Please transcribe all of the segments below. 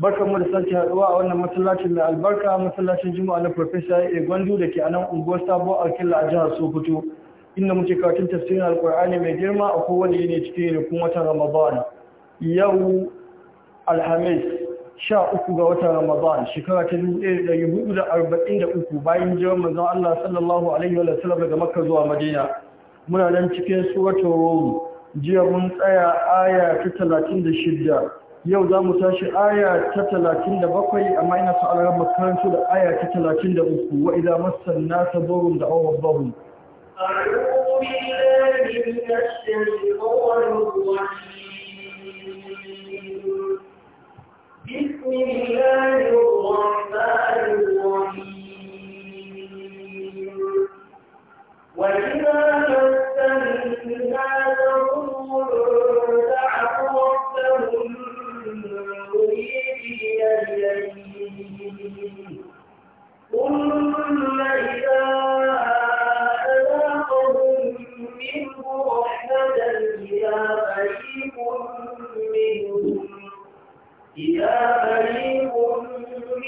barkan mu da sake haduwa a wannan masallacin mai albarka masallacin juma'a na professor A Gwandu da ke a nan unguwar Sabo Alkilla a jihar Sokoto inda muke karatun tafsirin Alkur'ani mai girma a kowane yini cikin yankin watan Ramadan yau Alhamis sha uku ga watan Ramadan shekara ta dubu ɗaya da hudu da arba'in da uku bayan jiran manzon Allah sallallahu alaihi wa sallam daga Makka zuwa Madina muna nan cikin suratul Rum jiya mun tsaya aya ta talatin da shida yau za mu tashi aya ta talatin da bakwai amma ina so alaran makarantu da aya ta talatin da uku wa idan masan nasa borun da awon babu بسم الله الرحمن الرحيم وإذا مس الناس ضر دعوا ربهم مريبي إليه ثم إذا أذاقهم منه رحمة إذا فريق منهم إذا فريق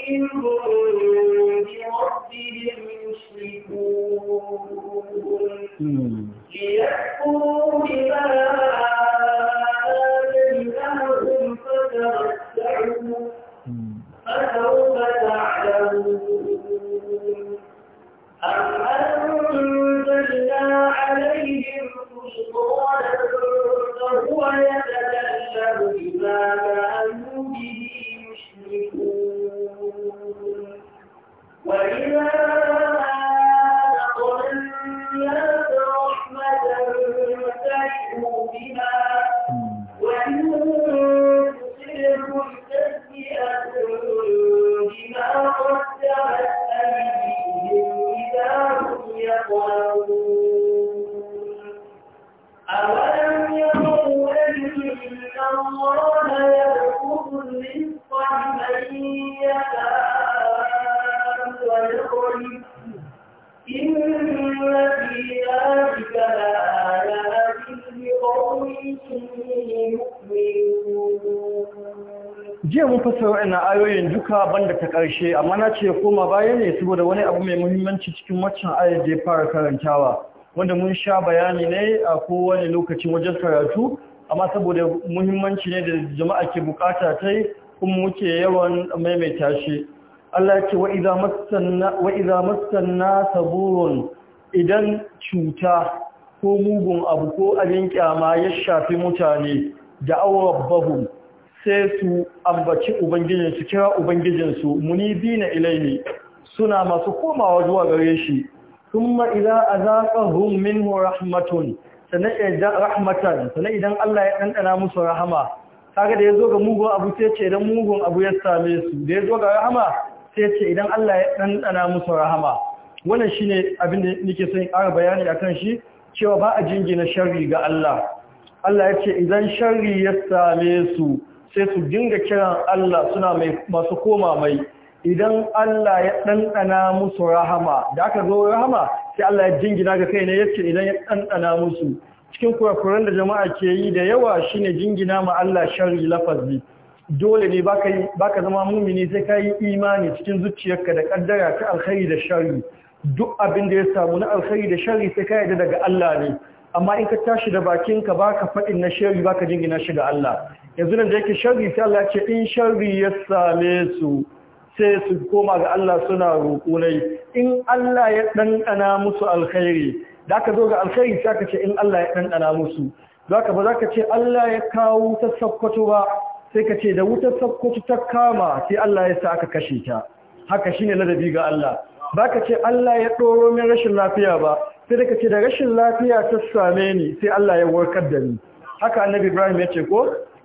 منهم بربهم يشركون ليكفروا بما فسوف تعلمون أم أنتم zan ina ayoyin duka banda ta ƙarshe amma na ce koma baya ne saboda wani abu mai muhimmanci cikin waccan ayar da ya fara karantawa wanda mun sha bayani ne a kowane lokacin wajen karatu amma saboda muhimmanci ne da jama'a ke bukata ta yi kuma muke yawan maimaita shi Allah ya ce wa masan na saburon idan cuta ko mugun abu ko abin kyama ya shafi mutane da babu. sai su ambaci ubangijinsu kira ubangijinsu bi na ilaini suna masu komawa zuwa gare shi thumma idza azaqahum minhu rahmatun sannan idan rahmatan sannan idan Allah ya ɗanɗana musu rahama kaga da ya zo ga mugun abu sai ce idan mugun abu ya same su da ya zo ga rahama sai ce idan Allah ya ɗanɗana musu rahama wannan shine abin da nake son ƙara bayani a kan shi cewa ba a jingina sharri ga Allah Allah ya ce idan sharri ya same su sai su dinga kiran Allah suna mai masu koma mai idan Allah ya ɗanɗana musu rahama da aka zo rahama sai Allah ya jingina ga kai ne ce idan ya ɗanɗana musu cikin kurakuran da jama'a ke yi da yawa shine jingina ma Allah sharri lafazi dole ne baka zama mumini sai ka yi imani cikin zuciyarka da kaddara ta alkhairi da sharri duk abin da ya samu na alkhairi da sharri sai ka yarda daga Allah ne amma in ka tashi da bakinka baka faɗin na sharri baka jingina shi ga Allah yanzu nan da yake sharri sai Allah ce in sharri ya same su sai su koma ga Allah suna roƙo in Allah ya ɗanɗana musu alkhairi da aka zo ga alkhairi sai ka ce in Allah ya ɗanɗana musu zaka ba zaka ce Allah ya kawo ta sakkwato ba sai ka ce da wutar sakkwato ta kama sai Allah ya sa aka kashe ta haka shine ladabi ga Allah baka ce Allah ya ɗoro min rashin lafiya ba sai ka ce da rashin lafiya ta same ni sai Allah ya warkar da ni haka annabi Ibrahim ya ce ko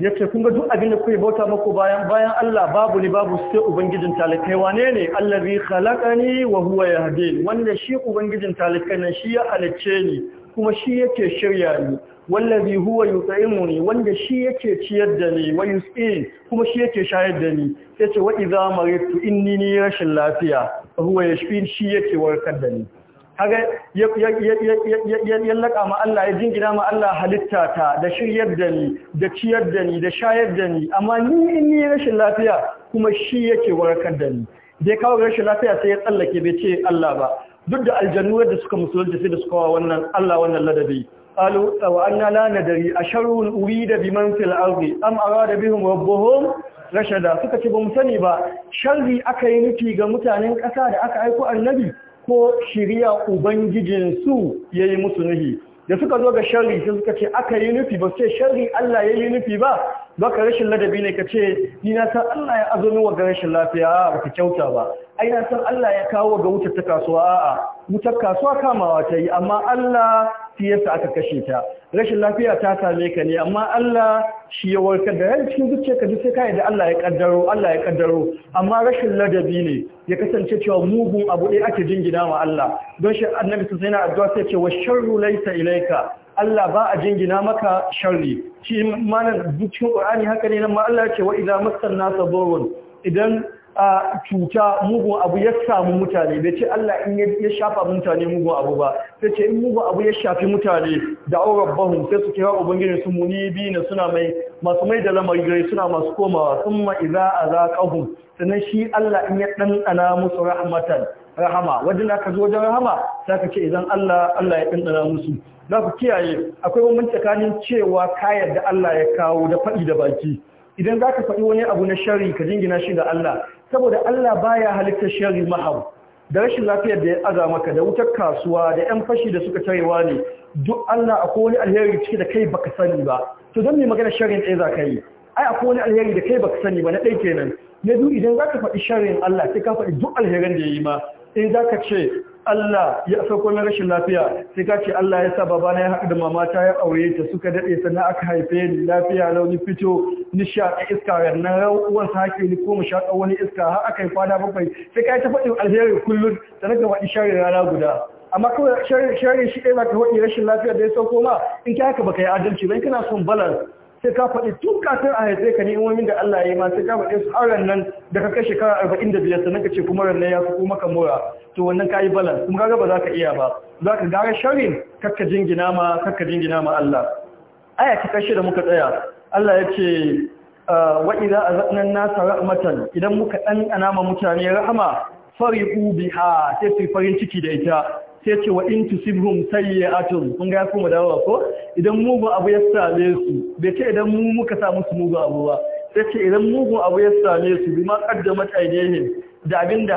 ya ce kun ga duk abin da kuke bauta muku bayan bayan Allah babu ni babu sai ubangijin talakai wane ne allazi khalaqani wa huwa yahdin wanda shi ubangijin talakai nan shi ya halicce ni kuma shi yake shirya ni wallazi huwa yut'imuni wanda shi yake ciyar da ni wa yusqin kuma shi yake shayar da ni yace wa idza maritu inni ni rashin lafiya huwa yashfin shi yake warkar da ni kaga ya laka ma Allah ya jingina ma Allah halitta ta da shiryar da ni da ciyar da ni da shayar da ni amma ni in ni rashin lafiya kuma shi yake warkar da ni da ya kawo rashin lafiya sai ya tsallake bai ce Allah ba duk da aljannu da suka musulunta da suka wa wannan Allah wannan ladabi qalu wa anna la nadri asharun urida biman fil ardi am arada bihim rabbuhum rashada suka ce ba mu sani ba sharri aka yi nufi ga mutanen ƙasa da aka aiko annabi ko shirya ubangijinsu ya yi musu nuhi da suka zo ga shari sai suka ce aka yi nufi ba sai shari Allah ya yi nufi ba ba ka rashin ladabi ne ka ce ni na san Allah ya azumi ga rashin lafiya ba ka kyauta ba ai na san Allah ya kawo ga wutar ta kasuwa a wutar kasuwa kamawa ta yi amma Allah siyasa aka kashe ta rashin lafiya ta same ka ne amma Allah shi ya warkar da yadda cikin zuciya duk sai kai da Allah ya kaddaro Allah ya kaddaro amma rashin ladabi ne ya kasance cewa mugun abu ɗaya ake jingina wa Allah don shi annabi sun sai na addu'a sai ce wa sharru laysa ilayka Allah ba a jingina maka sharri shi malan cikin Qur'ani haka ne nan ma Allah ya ce wa idza nasa idan a cuta mugun abu ya samu mutane bai ce Allah in ya shafa mutane mugun abu ba sai ce in mugun abu ya shafi mutane da aurabahum sai su kira ubangiji su biyu na suna mai masu mai da lamari gari suna masu komawa sun ma a za azaqahum sannan shi Allah in ya dandana musu rahmatan rahama wajen aka zo wajen rahama sai ka ce idan Allah Allah ya dandana musu za ku kiyaye akwai wani tsakanin cewa kayar da Allah ya kawo da faɗi da baki idan za ka faɗi wani abu na shari ka jingina shi ga Allah saboda Allah baya halittar sharri maha'u da rashin lafiyar da ya aza maka da wutar kasuwa da yan fashi da suka tarewa ne duk Allah a wani alheri ciki da kai baka sani ba to don mai magana shari'in ɗaya za ka yi ai a wani alheri da kai baka sani ba na ɗaya kenan na biyu idan za ka faɗi shari'in Allah sai ka faɗi duk alherin da ya yi ma in za ka ce Allah ya sauko na rashin lafiya sai ka ce Allah ya sa babana ya haɗu da mamata ya aure ta suka daɗe sannan aka haife ni lafiya launi fito ni iska rannan uwan sa ni ko mu sha wani iska har aka yi kwana bakwai sai ka yi ta faɗin alheri kullum sannan ka faɗi share rana guda amma kawai share shi ɗaya ba ka faɗi rashin lafiya da ya sauko ma in ka haka ba ka yi adalci ba in kana son balance sai ka faɗi tun kafin a haife ka ni'imomin da Allah ya yi ma sai ka faɗi su haran nan da ka kai shekara arba'in da biyar sannan ka ce kuma ranar ya fi kuma ka mora to wannan ka yi balan kuma gaga ba za ka iya ba za ka gara sharin kakka jingina ma kakka jingina ma Allah aya ta kashe da muka tsaya Allah ya ce ah, wa idza azaqna an-nasa rahmatan idan muka dan anama mutane rahama fariqu biha sai su farin ciki da ita sai ce wa in tusibhum sayyi'atun kun ga kuma dawowa ko idan mugu abu ya same su bai ce idan mu muka sa musu mugu abu ba sai ce idan mugu abu ya same su bima qaddamat aydihim da abinda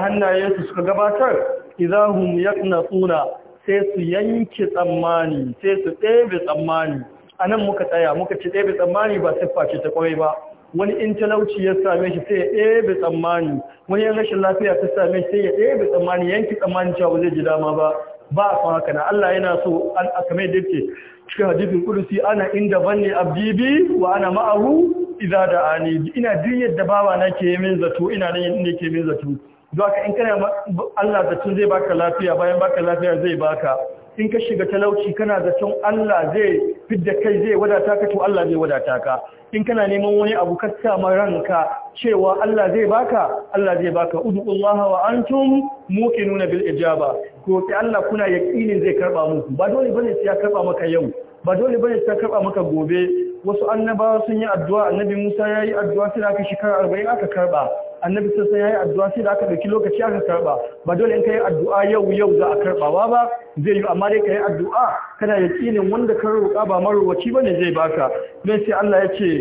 su suka gabatar idahum yaqnatuna sai su yanke tsammani sai su ɗebe tsammani anan muka tsaya muka ce ɗebe tsammani ba sai face ta kwai ba wani in talauci ya same shi sai ya ɗebe tsammani wani yan rashin lafiya ta same shi sai ya ɗebe tsammani yanki tsammani cewa ba zai ji dama ba ba a son kana Allah yana so a kame da yake cikin hadisin kudusi ana inda banne abdibi wa ana ma'ahu da ani ina duk yadda bawa na ke min zato ina nan yadda ke min zato zuwa ka in kana Allah zato zai baka lafiya bayan baka lafiya zai baka in ka shiga talauci kana zaton Allah zai fidda kai zai wadata ka to Allah zai wadata ka in kana neman wani abu ka sama ranka cewa Allah zai baka Allah zai baka udullaha wa antum muqinuna bil ijaba ko ki Allah kuna yaqinin zai karba muku ba dole bane sai ya karba maka yau ba dole bane sai ya karba maka gobe wasu annabawa sun yi addu'a annabi Musa yayi addu'a sai aka shekara 40 aka karba annabi sassan ya yayi addu'a sai da aka dauki lokaci aka karɓa ba dole in ka yi addu'a yau yau za a karɓawa ba zai yi amma dai ka yi addu'a kana da wanda ka roƙa ba marowaci ba ne zai baka don sai Allah ya ce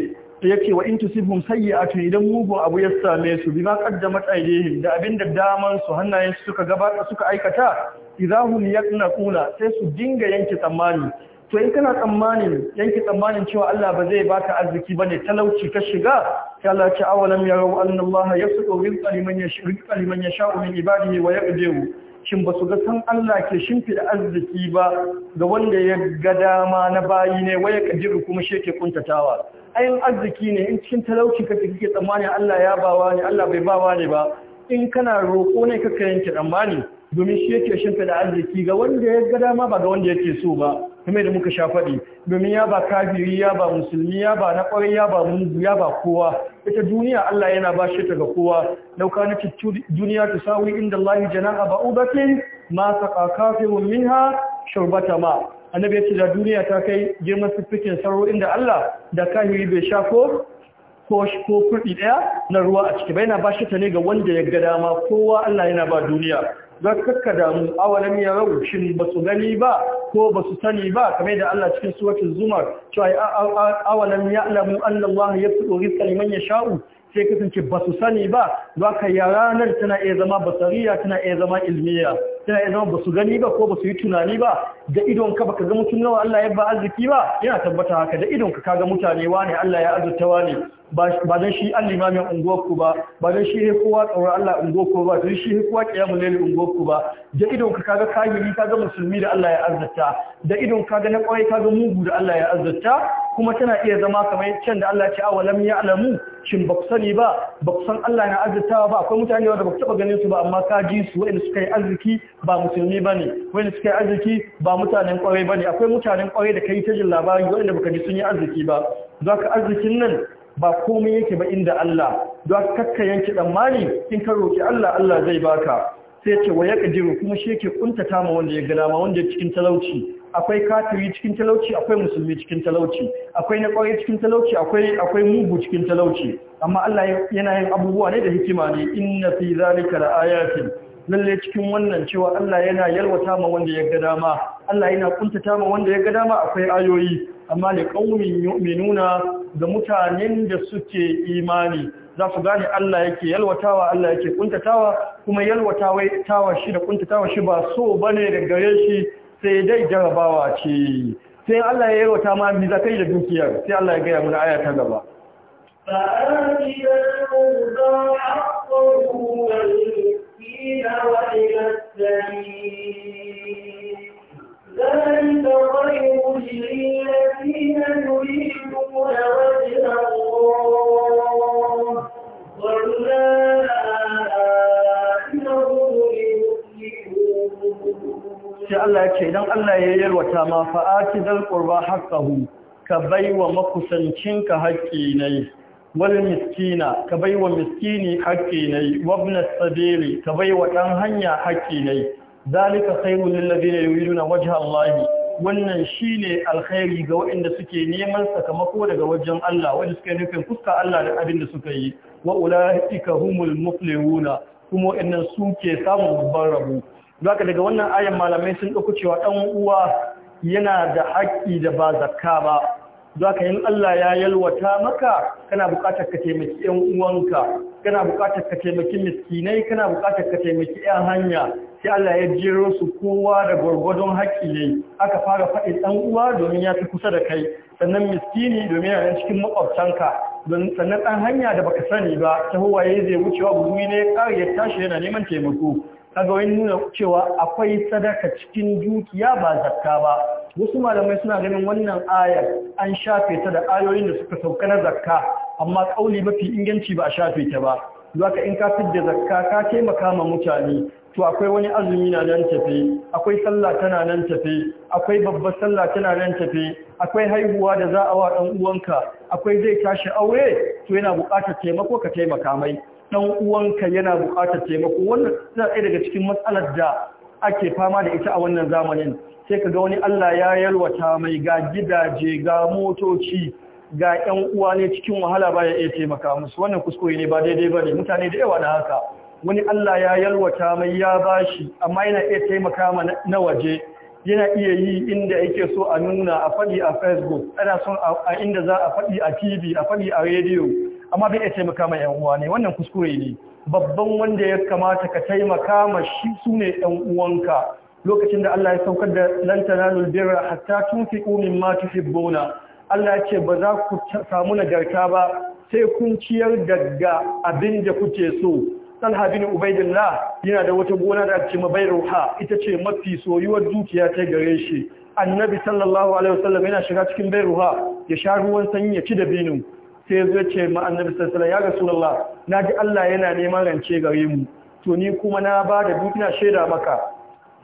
ya ce wa in tusibhum idan mugun abu ya same su ma qaddama ta'idihim da abinda daman su hannayen su suka gabata suka aikata idahum yaqnaquna sai su dinga yanke tsammani to in kana tsammanin yanki tsammanin cewa Allah ba zai baka arziki bane talauci ka shiga ya Allah ya ce awalam yarau anna Allah yasuqu rizqa liman yasha'u rizqa liman yasha'u min ibadihi wa yaqdiru shin ba su ga san Allah ke shimfida arziki ba ga wanda ya ga dama na bayi ne waya kadiru kuma shi kuntatawa? kuntatawa in arziki ne in cikin talauci kake kike tsammanin Allah ya bawa ne Allah bai bawa ne ba in kana roƙo ne kaka yanke tsammani domin shi yake da arziki ga wanda ya ga dama ba ga wanda yake so ba kuma da muka sha faɗi domin ya ba kafiri ya ba musulmi ya ba na ƙwarai ya ba mungu ya ba kowa ita duniya Allah yana ba shi ta ga kowa dauka na duniya ta sawi inda Allah jana'a ba ubatin ma saqa kafirun minha shurbata ma annabi ya ce da duniya ta kai girman siffikin sarro inda Allah da kafiri bai sha ko ko ko ɗaya daya na ruwa a ciki bai na ba shi ta ne ga wanda ya ga dama kowa Allah yana ba duniya don kakka damu awalam ya rau shin ba su gani ba ko ba su sani ba kamar da Allah cikin suratul zumar cewa awalam ya'lamu anna Allah yabtu rizqa ya yasha'u sai kasance ba su sani ba za ka ranar tana iya zama basariya tana iya zama ilmiya tana ya zama ba su gani ba ko ba su yi tunani ba da idonka ka ga mutum nawa Allah ya ba arziki ba yana tabbata haka da idonka ka ga mutane wane Allah ya azurta wane ba dan shi an limamin unguwarku ba ba dan shi ya kowa tsoron Allah unguwarku ba dan shi ya kowa kiyamun lele unguwarku ba da idonka ka ga kagiri ka ga musulmi da Allah ya azurta da idon ka ga na kwai ka ga mugu da Allah ya azurta kuma tana iya zama kamar can da Allah ya ce walam ya alamu shin ba ku sani ba ba ku san Allah na azurtawa ba akwai mutane wanda ba ku taba ganin su ba amma ka ji su wa'in suka yi arziki ba musulmi bane wanda suka yi arziki ba mutanen kwarai bane akwai mutanen kwarai da yi ta jin labari wanda baka ji sun yi arziki ba za ka arzikin nan ba komai yake ba inda Allah ka kakka yanki tsammani in ka roƙi Allah Allah zai baka sai ce wa ya kadiru kuma shi yake kuntata ma wanda ya gada ma wanda ya cikin talauci akwai kafiri cikin talauci akwai musulmi cikin talauci akwai na kwarai cikin talauci akwai akwai mugu cikin talauci amma Allah yana yin abubuwa ne da hikima ne inna fi zalika laayatin lalle cikin wannan cewa Allah yana yalwata ma wanda ya ga dama Allah yana kuntata ma wanda ya ga dama akwai ayoyi amma ne mai nuna ga mutanen da suke imani za su gane Allah yake yalwatawa Allah yake kuntatawa kuma yalwatawa tawa shi da kuntatawa shi ba so bane da gare shi sai dai jarabawa ce sai Allah ya yalwata ma mi zakai da dukiyar sai Allah ya ga mu aya ta gaba حقه المسكين وإلى Allah ce idan Allah ya yarwata ma fa'ati dal qurba ka baiwa makusancinka haƙƙi ne wal miskina ka baiwa miskini haƙƙi ne wabna sabili ka baiwa ɗan hanya haƙƙi ne zalika khairul lil ladina yuriduna wajha Allah wannan shine alkhairi ga waɗanda suke neman sakamako daga wajen Allah wanda suke nufin fuska Allah da abin da suka yi wa ulaika humul muflihuna kuma waɗannan suke samun babban rabo zaka daga wannan ayan malamai sun dauko cewa ɗan uwa yana da haƙƙi da ba zakka ba Zaka ka yin Allah ya yalwata maka kana bukatar ka taimaki ‘yan uwanka kana bukatar ka taimaki miskinai kana bukatar ka taimaki ‘yan hanya sai Allah ya jero su kowa da gwargwadon haƙƙi ne aka fara faɗin ɗan uwa domin ya fi kusa da kai sannan miskini domin yana cikin maƙwabtanka sannan ɗan hanya da baka sani ba ta zai wucewa buzuri ne ya ya tashi yana neman taimako kaga wani nuna cewa akwai sadaka cikin dukiya ba zakka ba wasu malamai suna ganin wannan ayar an shafe ta da ayoyin da suka sauka na zakka amma kauli mafi inganci ba a shafe ta ba zaka in ka fidda zakka ka taimaka ma mutane to akwai wani azumi na nan tafe akwai sallah tana nan tafe akwai babbar sallah tana nan tafe akwai haihuwa da za a wa ɗan uwanka akwai zai tashi aure to yana buƙatar taimako ka taimaka mai dan uwanka yana buƙatar taimako wannan tana ɗaya daga cikin matsalar da ake fama da ita a wannan zamanin sai ka ga wani Allah ya yalwata mai ga gidaje ga motoci ga ƴan uwa ne cikin wahala baya iya taimaka musu wannan kuskure ne ba daidai ba ne mutane da yawa da haka wani Allah ya yalwata mai ya bashi amma yana iya taimaka ma na waje yana iya yi inda yake so a nuna a faɗi a facebook ana son a inda za a faɗi a tv a faɗi a rediyo amma bai iya taimaka mai yan uwa ne wannan kuskure ne babban wanda ya kamata ka taimaka ma shi sune yan uwanka lokacin da Allah ya saukar da lan tanalul birra hatta tunfiqu mimma tuhibbuna Allah ya ce ba za ku samu nagarta ba sai kun ciyar daga abin da kuke so Talha bin Ubaidillah yana da wata gona da ake mabai ruha ita ce mafi soyuwar dukiya ta gare shi. Annabi sallallahu alaihi wasallam yana shiga cikin bai ruha ya sha ruwan sanyi ya ci da binu. sai ya zo ce ma annabi sallallahu ya rasulullah naji Allah yana neman rance gare mu to ni kuma na ba da dukina shaida maka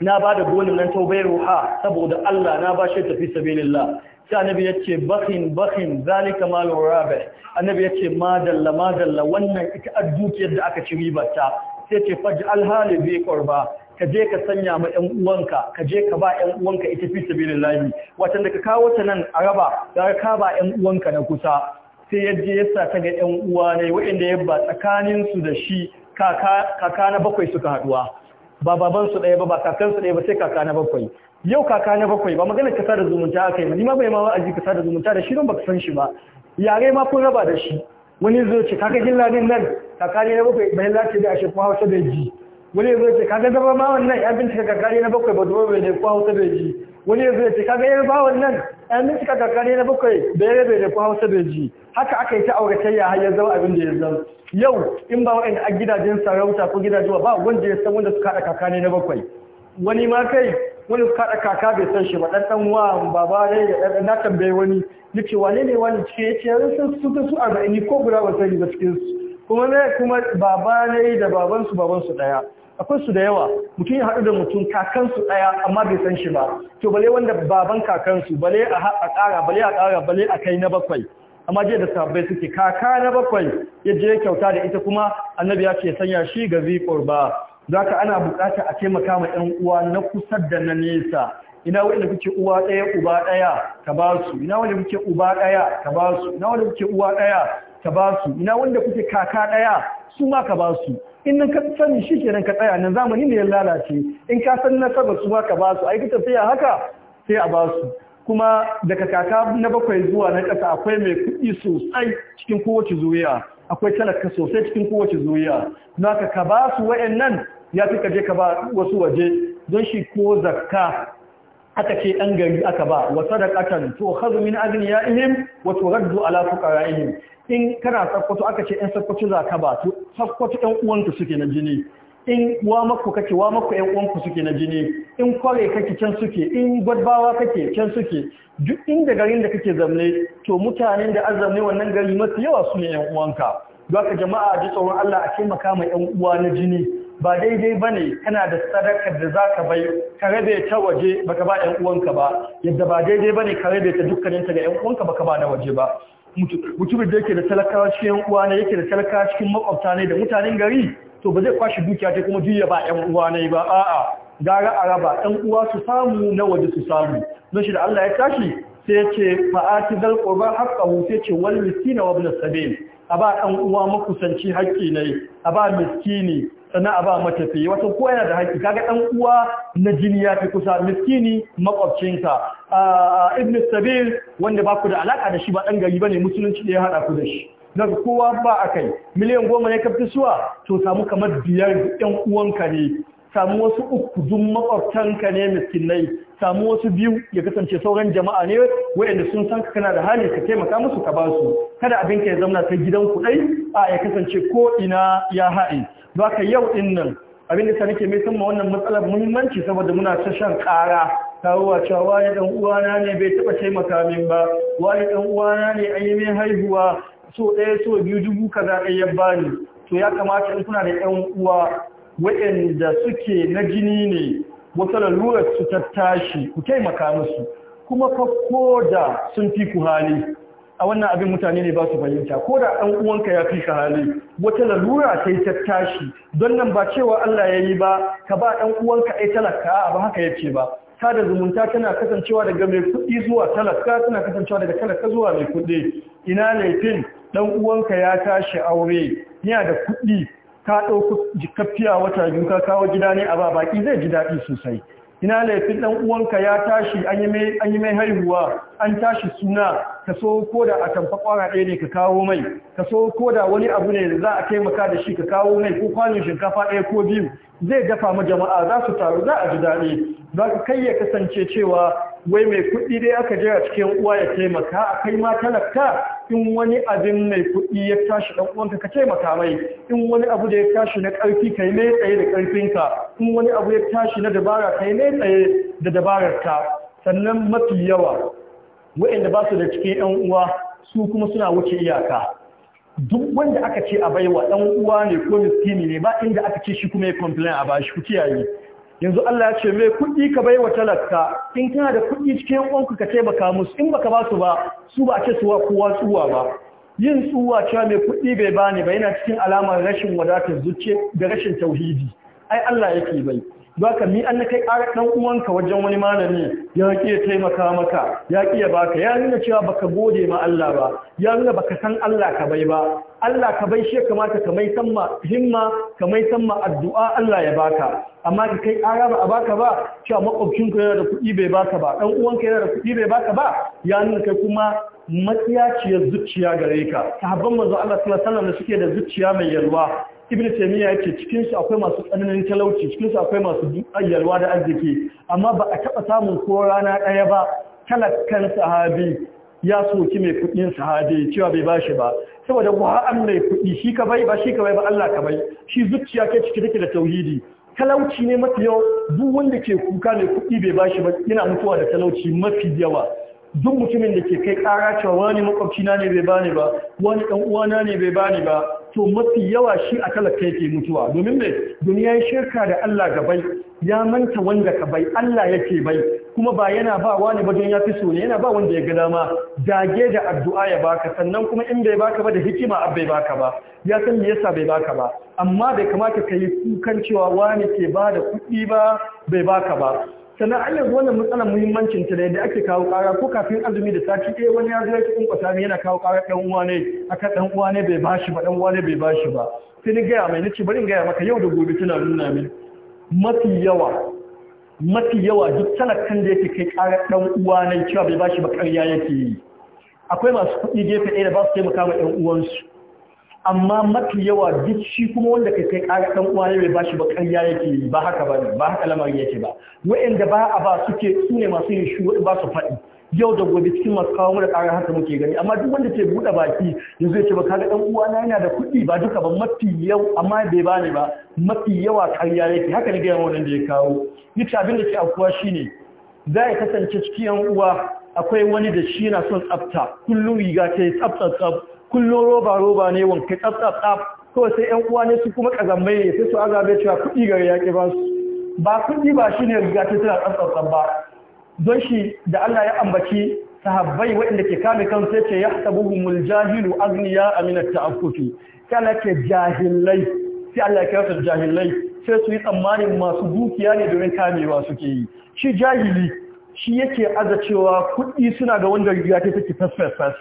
na ba da gonin nan taubai ruha saboda Allah na ba shi tafi sabilillah sai annabi yace bakhin bakhin zalika mal ce annabi yace madalla madalla wannan ita addukiyar da aka ci ta sai ce faj'al hali bai qurba ka je ka sanya ma ɗan uwanka ka je ka ba ɗan uwanka ita fi sabilillahi watan da ka kawo ta nan a raba da ka ba ɗan uwanka na kusa sai ya je ya sata ga ƴan uwa ne waɗanda ya ba tsakanin su da shi kaka na bakwai suka haduwa ba baban su ɗaya ba ba kakan su ɗaya ba sai kaka na bakwai yau kaka na bakwai ba magana kasa da zumunta yi ba ni ma bai ma aji kasa da zumunta da shi don baka san shi ba yare ma kun raba da shi wani zai ce kaga gillanin nan kaka ne na bakwai bayan lati da ashe kuma hausa bai ji wani zai ce kaga zama ma wannan ya bincika kaka ne na bakwai ba zuwa bai ne kuma hausa bai ji wani zai ce kaga yar ba wannan 'yan suka kakari na bakwai bere bere ko hausa bai ji haka aka yi ta auratayya har ya zama abin da ya zama yau in ba wa'in a gidajen sarauta ko gidaje ba wanda ya san wanda suka haɗa ne na bakwai wani ma kai wani suka haɗa kaka bai san shi ba ɗan ɗan wa baba ne ya ɗan na tambayi wani ya ce wane ne wani ce ya ce ya sun su ta su arba'in ko guda ba sani ba cikin kuma ne kuma baba ne da babansu babansu ɗaya akwai su da yawa mutum ya haɗu da mutum kakansu ɗaya amma bai san shi ba to bale wanda baban kakansu bale a ƙara bale a ƙara bale a kai na bakwai amma jiya da sabbai suke kaka na bakwai ya je kyauta da ita kuma annabi ya ce sanya shi ga zikor ba za ka ana buƙata a taimaka ma ƴan uwa na kusa da na nesa ina wanda kuke uwa ɗaya uba ɗaya ka ba su ina wanda kuke uba ɗaya ka ba su ina wanda kuke uwa ɗaya ka ba su ina wanda kuke kaka ɗaya? su ma ka ba su in nan ka sani shi kenan ka tsaya nan zamani ne ya lalace in ka san saba su ma ka ba su ai sai tafiya haka sai a ba su kuma daga kaka na bakwai zuwa na ƙasa akwai mai kuɗi sosai cikin kowace zuriya akwai talaka sosai cikin kowace zuriya na ka ka ba su ya fi ka je ka ba wasu waje don shi ko zakka aka ce ɗan gari aka ba wa sadaqatan to khadhu min aghniya'ihim wa turaddu ala fuqara'ihim in kana sakkwato aka ce ‘yan sakkwato za ka ba su sakkwato ‘yan uwanka suke na jini in wa kake wa ‘yan uwanku suke na jini in kware kake can suke in gwadbawa kake can suke duk inda garin da kake zamne to mutanen da azamne wannan gari mafi yawa su ne ‘yan uwanka ka jama'a ji tsoron Allah a taimaka ma ‘yan uwa na jini ba daidai ba ne kana da sadakar da za ka bai ka rabe ta waje baka ba ‘yan uwanka ba yadda ba daidai ba ne ka rabe ta dukkaninta ga ‘yan uwanka baka ba na waje ba mutumin da yake da talakawa cikin uwa ne yake da talakawa cikin makwabta ne da mutanen gari to ba zai kwashi dukiya ta kuma juya ba yan uwa ne ba a'a gara a raba ɗan uwa su samu na waje su samu don shi da Allah ya tashi sai ce fa'ati zal qurba hu sai ce wal miskina wa ibn sabil a ba ɗan uwa makusanci haƙƙi ne a ba miskini sannan a ba matafi wata ko yana da haƙƙi kaga ɗan uwa na jini ya fi kusa miskini makwabcinka ibn sabil wanda ba ku da alaka da shi ba ɗan gari ba ne musulunci da ya haɗa ku da shi Na kowa ba a kai miliyan goma ne ka fi suwa to samu kamar biyar 'yan uwanka ne samu wasu uku dun makwabtanka ne miskinai samu wasu biyu ya kasance sauran jama'a ne wayanda sun san ka kana da hali ka taimaka musu ka ba su kada abin ka ya zama ta gidan ku kuɗai a ya kasance ko ina ya haɗe don haka yau din nan abin da nake mai san wannan matsalar muhimmanci saboda muna ta shan ƙara kawowa cewa wani dan uwana ne bai taɓa taimaka min ba wani dan uwana ne an yi mai haihuwa so ɗaya so biyu dubu kaza ɗaya ya bani to ya kamata in kuna da ƴan uwa waɗanda suke na jini ne wata lalura su tattashi ku taimaka musu kuma fa koda sun fi ku hali a wannan abin mutane ne ba su fahimta ko da ɗan uwanka ya fi ka hali wata lalura ta yi tattashi don nan ba cewa Allah ya yi ba ka ba ɗan uwanka ai talaka a ba haka yace ba ta da zumunta tana kasancewa daga mai kuɗi zuwa talaka tana kasancewa daga talaka zuwa mai kuɗi ina laifin ɗan uwanka ya tashi aure yana da kuɗi ka ɗauku jikaffiya wata biyu ka kawo gida ne a ba baki zai ji daɗi sosai ina laifin ɗan uwanka ya tashi an yi mai haihuwa an tashi suna ka so ko da a tamfa kwana ɗaya ne ka kawo mai ka so ko da wani abu ne da za a taimaka da shi ka kawo mai ko kwanin shinkafa ɗaya ko biyu zai dafa ma jama'a za su taru za a ji daɗi za ka kai ya kasance cewa wai mai kuɗi dai aka je a cikin uwa ya taimaka a kai ma talaka in wani abin mai kuɗi ya tashi ɗan uwanka ka taimaka mai in wani abu da ya tashi na ƙarfi kai mai tsaye da ƙarfinka in wani abu ya tashi na dabara kai mai tsaye da dabararka sannan mafi yawa Wa'inda ba su da cikin ‘yan uwa su kuma suna wuce iyaka duk wanda aka ce a baiwa ɗan uwa ne ko miskini ne ba inda aka ce shi kuma ya complain a bashi ku kiyaye yanzu Allah ya ce mai kuɗi ka baiwa talaka in kana da kuɗi cikin uwanku ka taimaka musu in baka ba su ba su ba a ce suwa kowa tsuwa ba yin tsuwa cewa mai kuɗi bai bani ba yana cikin alamar rashin wadatar zuciya da rashin tauhidi ai Allah yake bai baka mi an kai ƙara ɗan uwanka wajen wani malami ya ƙi taimaka maka ya ƙi ya baka ya nuna cewa baka gode ma Allah ba ya nuna ka san Allah ka bai ba Allah ka bai shi kamata ka mai san ma himma ka mai san addu'a Allah ya baka amma ka kai ƙara ba a baka ba cewa makwabcinka yana da kuɗi bai baka ba ɗan uwanka yana da kuɗi bai baka ba ya nuna kai kuma matsiyaciyar zuciya gare ka sahabban manzo Allah sallallahu alaihi wasallam da suke da zuciya mai yalwa ibn taymiya yake cikin su akwai masu tsananin talauci cikin su akwai masu ayyalwa da arziki amma ba a taba samun ko rana ɗaya ba talakkan sahabi ya soki mai kuɗin sahabi cewa bai bashi ba saboda an mai kudi shi ka bai ba shi ka bai ba Allah ka bai shi zuciya ke ciki take da tauhidi talauci ne mafi yawa duk wanda ke kuka mai kuɗi bai bashi ba yana mutuwa da talauci mafi yawa duk mutumin da ke kai kara cewa wani makwabci na ne bai bani ba wani dan uwana ne bai bani ba to mafi yawa shi a talaka yake mutuwa domin mai duniya ya shirka da Allah gabai ya manta wanda ka bai Allah yake bai kuma ba yana ba wani don ya fi so ne yana ba wanda ya ga dama dage da addu'a ya baka sannan kuma in bai baka ba da hikima a bai baka ba ya san me yasa bai baka ba amma bai kamata ka yi kukan cewa wani ke ba da kuɗi ba bai baka ba sannan an yanzu wannan matsalar muhimmancin ta da ake kawo kara ko kafin azumi da sati ɗaya wani ya zai cikin kwasami yana kawo kara ɗan uwa ne akan ɗan uwa ne bai bashi ba ɗan uwa ne bai bashi ba sai ni gaya mai nace bari in gaya maka yau da gobe tana nuna min mafi yawa mafi yawa duk talakan da yake kai kara ɗan uwa ne cewa bai bashi ba ƙarya yake yi akwai masu kuɗi gefe ɗaya da ba su taimaka ma ɗan uwansu amma mafi yawa duk shi kuma wanda ka kai ƙara ɗan uwa bai bashi ba ƙarya yake ba haka ba ba haka lamarin yake ba waɗanda ba a ba suke su ne masu yin shi ba su faɗi yau da gobe cikin masu kawo mu da ƙarar haka muke gani amma duk wanda ke buɗe baki yanzu ya ce ba kaga ɗan uwa na yana da kuɗi ba duka ba mafi yau amma bai bani ba mafi yawa ƙarya yake haka ne gaya wannan da ya kawo duk abin da ke shi shine za ya kasance cikin yan uwa akwai wani da shi yana son tsafta kullum riga ta yi tsafta tsaf kullum roba roba ne wanka tsaf kawai sai yan uwa ne su kuma kazamai ne sai su azabe cewa kuɗi gari ya basu. ba su ba kuɗi ba shine riga ta tana tsaf ba don shi da Allah ya ambaci sahabbai waɗanda ke kame kan ya ce ya sabuhumul jahilu azniya amina ta'affufi sai Allah ke jahilai sai Allah ya kira jahilai sai su yi tsammanin masu dukiya ne domin kamewa suke yi shi jahili shi yake aza cewa kuɗi suna ga wanda riga ta take fasfasfas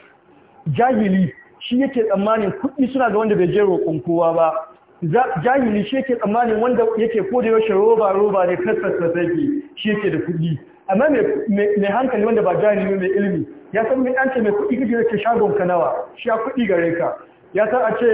jahili shi yake tsammanin kuɗi suna ga wanda bai je roƙon kowa ba jahili shi yake tsammanin wanda yake ko da yaushe roba roba ne kasarsa sai shi yake da kuɗi amma mai hankali wanda ba jahili mai ilimi ya san mai ɗance mai kuɗi kake yake shagon ka nawa shi ya kuɗi gare ka ya san a ce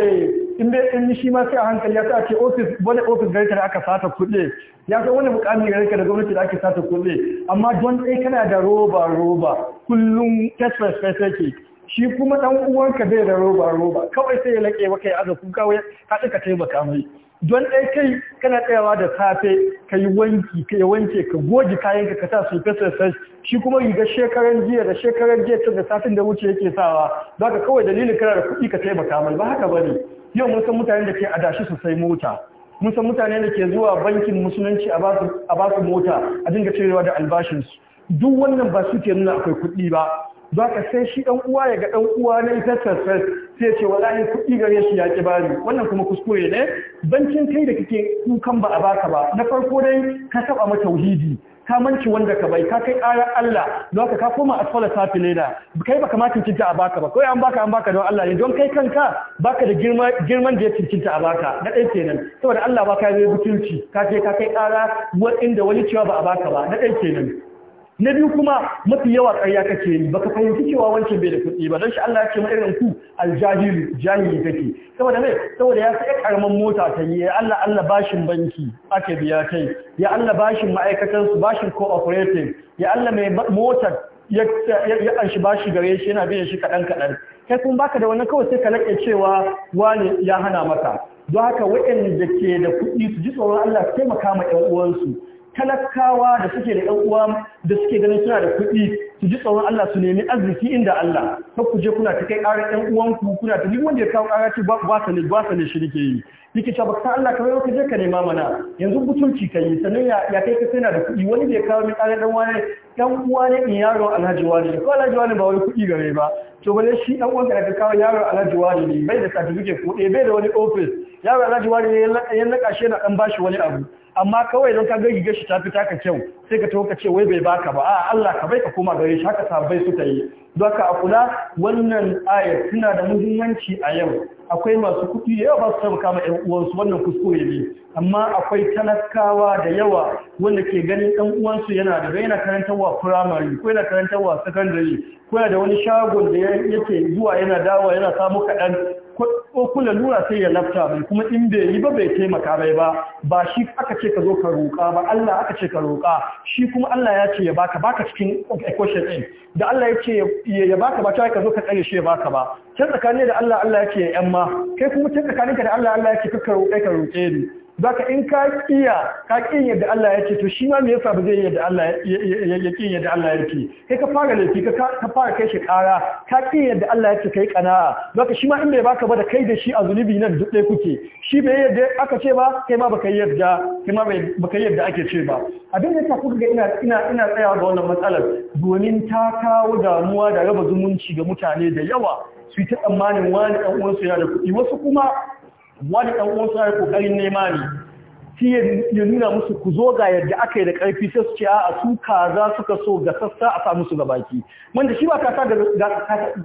in bai in shi ma sai a hankali ya san a ce ofis wani ofis gare ka da aka sata kuɗi ya san wani mukami gare ka da gwamnati da ake sata kuɗi amma don ɗaya kana da roba roba kullum kasarsa sai shi kuma ɗan uwanka zai da roba roba kawai sai ya laƙe maka ya aza kuka wai ka tsaka taimaka mai don ɗaya kai kana tsayawa da safe ka yi wanki ka yi wanke ka goji kayan ka sa su fesa sai shi kuma riga shekaran jiya da shekaran jiya ta da satin da wuce yake sawa za ka kawai dalilin kana da kuɗi ka taimaka mai ba haka bane yau mun san mutanen da ke adashi su sai mota mun san mutane da ke zuwa bankin musulunci a basu mota a dinga cirewa da albashinsu duk wannan ba su ke nuna akwai kuɗi ba za ka sai shi ɗan uwa ya ga ɗan uwa na ita tattas sai ce wallahi kuɗi gare shi ya ƙi bani wannan kuma kuskure ne bancin kai da kake kukan ba a baka ba na farko dai ka taɓa mata tauhidi ka manci wanda ka bai ka kai ƙarar Allah don ka koma asfala safi leda kai baka ma cincinta a baka ba kawai an baka an baka don Allah ne don kai kanka baka da girman da ya cincinta a baka na ɗaya kenan saboda Allah ba ka yi butulci ka je ka kai ƙara inda wani cewa ba a baka ba na ɗaya kenan na biyu kuma mafi yawa karya kake yi baka fahimci cewa wancan bai da kuɗi ba don shi Allah ya ce ma irin ku aljahili jahili kake saboda mai saboda ya sai karaman mota ta yi Allah Allah bashin banki ake biya kai ya Allah bashin ma'aikatan su bashin cooperative ya Allah mai mota ya bashi gare shi yana biyan shi kaɗan kaɗan kai kun baka da wannan kawai sai ka laƙe cewa wani ya hana maka don haka waɗanda ke da kuɗi su ji tsoron Allah su taimaka ma ƴan uwansu talakawa da suke da ɗan uwa da suke ganin suna da kuɗi su ji tsoron Allah su nemi arziki inda Allah kar ku je kuna ta kai ƙarar ɗan uwanku kuna ta duk wanda ya kawo ƙara ce ba sa ne ba sa ne shi nake yi yake ta baka Allah kawai ka je ka nema mana yanzu butulci ka yi sannan ya kai ka kana da kuɗi wani bai ya kawo min ƙarar ɗan wani ɗan uwa ne in yaro Alhaji wani ko Alhaji wani ba wani kuɗi gare ba to bale shi ɗan uwan da kawo yaro Alhaji wani ne bai da certificate ko ɗaya bai da wani office yaro Alhaji wani ne ya naka shi na ɗan bashi wani abu amma kawai don ka gari shi ta fita ka kyau sai ka tawo ka ce wai bai baka ba a Allah ka bai ka koma gare shi haka sabai suka yi Doka a kula wannan ayar suna da muhimmanci a yau akwai masu kuɗi da yawa ba su taimaka kama uwansu wannan kuskure ne amma akwai talakawa da yawa wanda ke ganin ɗan uwansu yana da yana wa primary ko yana wa secondary ko yana da wani shagon da yake zuwa yana dawa yana samu kaɗan ko kula lura sai ya lafta mai kuma in bai yi ba bai taimaka mai ba ba shi aka ce ka zo ka roƙa ba Allah aka ce ka roƙa shi kuma Allah ya ce ya baka baka cikin equation ɗin da Allah ya ce ya baka ba ta ka zo ka tsare shi ya baka ba can tsakanin da Allah Allah yake yan ma kai kuma can tsakaninka da Allah Allah yake kakka kai ka roƙe ni zaka in ka kiya ka kin yadda Allah ya ce to shi ma me yasa ba zai yadda Allah ya kin yadda Allah ya ce kai ka fara laifi ka fara kai shi kara ka kin yadda Allah ya ce kai kana'a zaka shi ma in bai baka ba da kai da shi a zunubi nan duk dai kuke shi bai yadda aka ce ba kai ma baka yadda kai ma baka yadda ake ce ba abin da yasa kuka ga ina ina ina tsayawa ga wannan matsalar domin ta kawo damuwa da raba zumunci ga mutane da yawa su yi ta tsammanin wani ɗan uwansu yana da kuɗi wasu kuma wani ɗan wasu ya ƙoƙarin nema ne shi ya nuna musu ku zo ga yadda aka yi da ƙarfi sai su ce a su kaza suka so ga sassa a samu su ga baki wanda shi ba kaza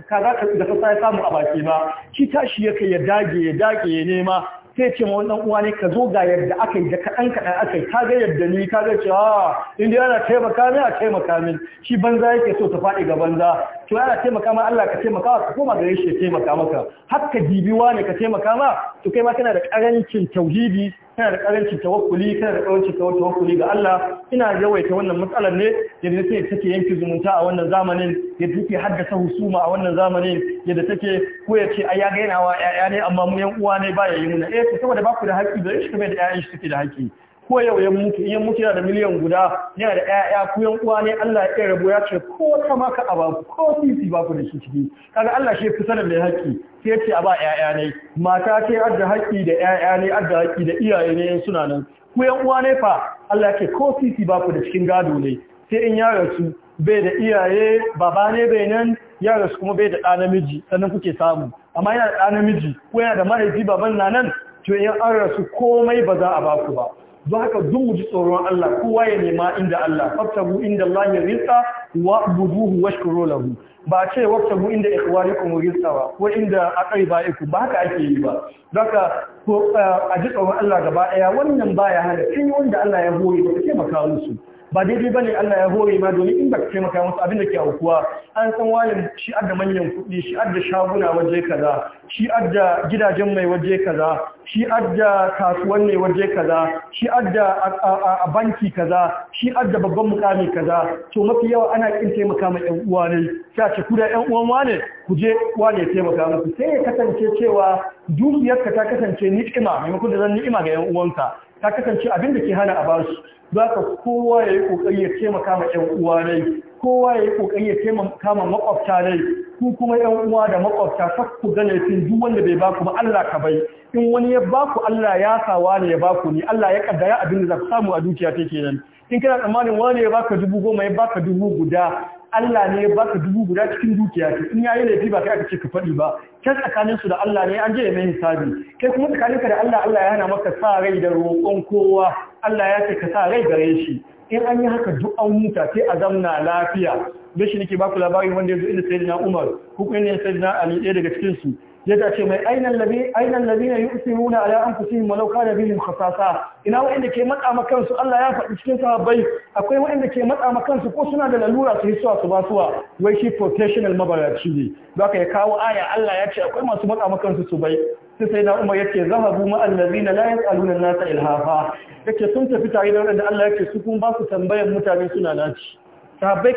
ga sassa ya samu a baki ba shi tashi ya kai ya dage ya dage ya nema sai ce ma dan uwa ne ka zo ga yadda aka yi da kaɗan kaɗan aka yi ka ga yadda ni ka ga cewa ah, inda yana taimaka min a taimaka min shi banza yake so ta faɗi ga banza to yana taimaka ma Allah ka taimaka ka koma gare shi ya taimaka maka har ka ne ka taimaka ma to kai ma kana da ƙarancin tauhidi kana da karancin tawakkuli kana da karancin tawakkuli ga Allah ina yawaita wannan matsalar ne yadda take take yanki zumunta a wannan zamanin yadda take haddasa husuma a wannan zamanin yadda take ko ya ce ga ya wa ƴaƴa ne amma mu yan uwa ne ba ya yi muna eh saboda ba ku da haƙi da shi kuma da ƴaƴan shi suke da haƙi ko yau ya mutu in mutu yana da miliyan guda yana da ƴaƴa ku yan uwa ne Allah ya kira rabo ya ce ko kama ka aba ko sisi ba ku da shi ciki kaga Allah shi fi sanin da haƙƙi sai ce a ba ƴaƴa ne mata ce adda haƙƙi da ƴaƴa ne adda haƙƙi da iyaye ne in suna nan ku yan uwa ne fa Allah ya ce ko sisi ba ku da cikin gado ne sai in ya rasu bai da iyaye baba ne bai nan yara su kuma bai da ɗa namiji sannan kuke samu amma yana da ɗa namiji ko yana da mahaifi baban na nan to in an rasu komai ba za a ba ku ba don haka duk mu tsoron Allah kowa ya nema inda Allah fatabu inda Allah ya rizqa wa buduhu washkuru lahu ba ce mu inda ikhwanikum rizqa ba ko inda aqribaikum ba ba haka ake yi ba zaka ko eh, a ji tsoron Allah gaba ɗaya wannan baya hana kin wanda Allah ya hore ba ka taimaka musu ba daidai ne Allah ya hore ma domin in ba ka taimaka masu abin da ke aukuwa an san wani shi adda manyan kuɗi shi adda shaguna waje kaza shi adda gidajen mai waje kaza shi adda kasuwan ne waje kaza shi adda a banki kaza shi adda babban mukami kaza to mafi yawa ana kin taimaka ma ƴan uwa ne sai ce ku da ƴan uwan wane ku je wane taimaka musu sai ya kasance cewa dukiyarka ta kasance ni'ima maimakon da zan ni'ima ga ƴan uwanka ta kasance abin da ke hana a basu za ka kowa ya yi ƙoƙari ya taimaka ma ‘yan uwa rai kowa ya yi ƙoƙari ya taimaka ma makwabta rai ku kuma ‘yan uwa da makwabta ta ku gane fin duk wanda bai baku ba Allah ka bai in wani ya baku Allah ya sawa ne ya baku ne Allah ya kaddara abin da za ku samu a dukiya take nan in kana tsammanin wani ya baka dubu goma ya baka dubu guda Allah ne ya baka dubu guda cikin dukiya ce in yayi laifi ba kai aka ce ka faɗi ba can tsakaninsu da Allah ne an je ya mai hisabi kai kuma tsakaninka da Allah Allah ya hana maka sa rai da roƙon kowa Allah ya ce ka sa rai gare shi in an yi haka duk an huta sai a zamna lafiya bishi shi nake baku labarin wanda ya zo inda sai na Umar hukumin kuma ne sai na Ali ɗaya daga cikin su yadda ce mai ainihin labina yi usimuna na an fusi malauka da binin kasasa ina waɗanda ke matsa makansu Allah ya faɗi cikin sahabbai akwai waɗanda ke matsa makansu ko suna da lalura su yi suwa su ba suwa wai shi professional mabararci ne za ka ya kawo aya Allah ya ce akwai masu matsa makansu su bai sai sai na umar yake zahabu ma'allazi na layan yas'aluna an ilhafa yake sun tafi tare da waɗanda Allah yake su kuma ba su tambayar mutane suna naci sahabbai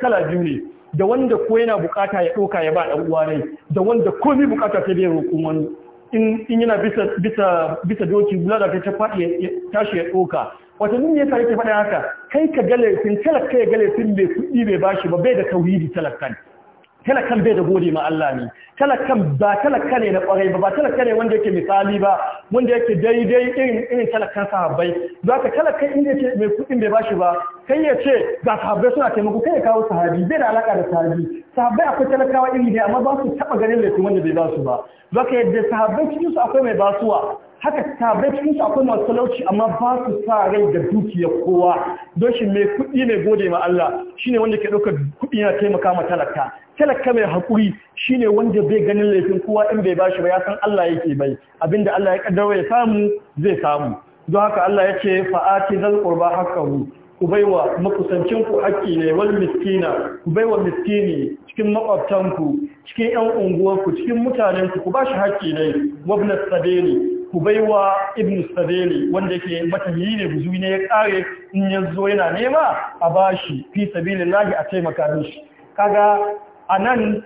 kala biyu ne da wanda ko yana bukata ya ɗauka ya ba ɗan uwa rai da wanda komi bukata ta bai roƙon wani in yana bisa doki gulada da ta faɗi ya tashi ya ɗoka wata nun ya tare ke faɗa haka kai ka gale sun talaka ya gale sun bai kuɗi bai bashi ba bai da tauhidi talakan talakan bai da gode ma Allah ne talakan ba talaka ne na kwarai ba ba talaka ne wanda yake misali ba wanda yake daidai irin irin talakan sahabbai za ka talaka inda yake mai kudin bai bashi ba kai ya ce ga sahabbai suna taimako kai ya kawo sahabi bai da alaka da sahabi sahabbai akwai talakawa iri ne amma ba su taɓa ganin laifin wanda bai basu ba za ka yadda sahabbai cikin su akwai mai basuwa haka tabai cikin su akwai masu talauci amma ba su sa rai da dukiyar kowa don shi mai kuɗi mai gode ma Allah shine wanda ke ɗaukar kuɗi yana taimaka ma talaka talaka mai haƙuri shine wanda bai ganin laifin kowa in bai bashi ba ya san Allah yake bai abinda Allah ya kaddara ya samu zai samu don haka Allah ya ce fa'ati zal haka haqqahu ku baiwa makusancin ku haƙƙi ne wal miskina ku baiwa miskini cikin makwabtanku cikin ƴan unguwarku cikin mutanenku ku bashi haƙƙi ne wabna sabili kubaiwa ibn Sabeli wanda yake matahiyi ne buzu ne ya kare in ya zo yana nema a bashi fi sabilillahi a taimaka mishi kaga anan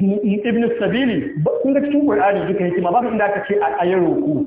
ibn Sabeli kun ga cikin Qur'ani duka yake hikima babu inda aka ce a yi roƙo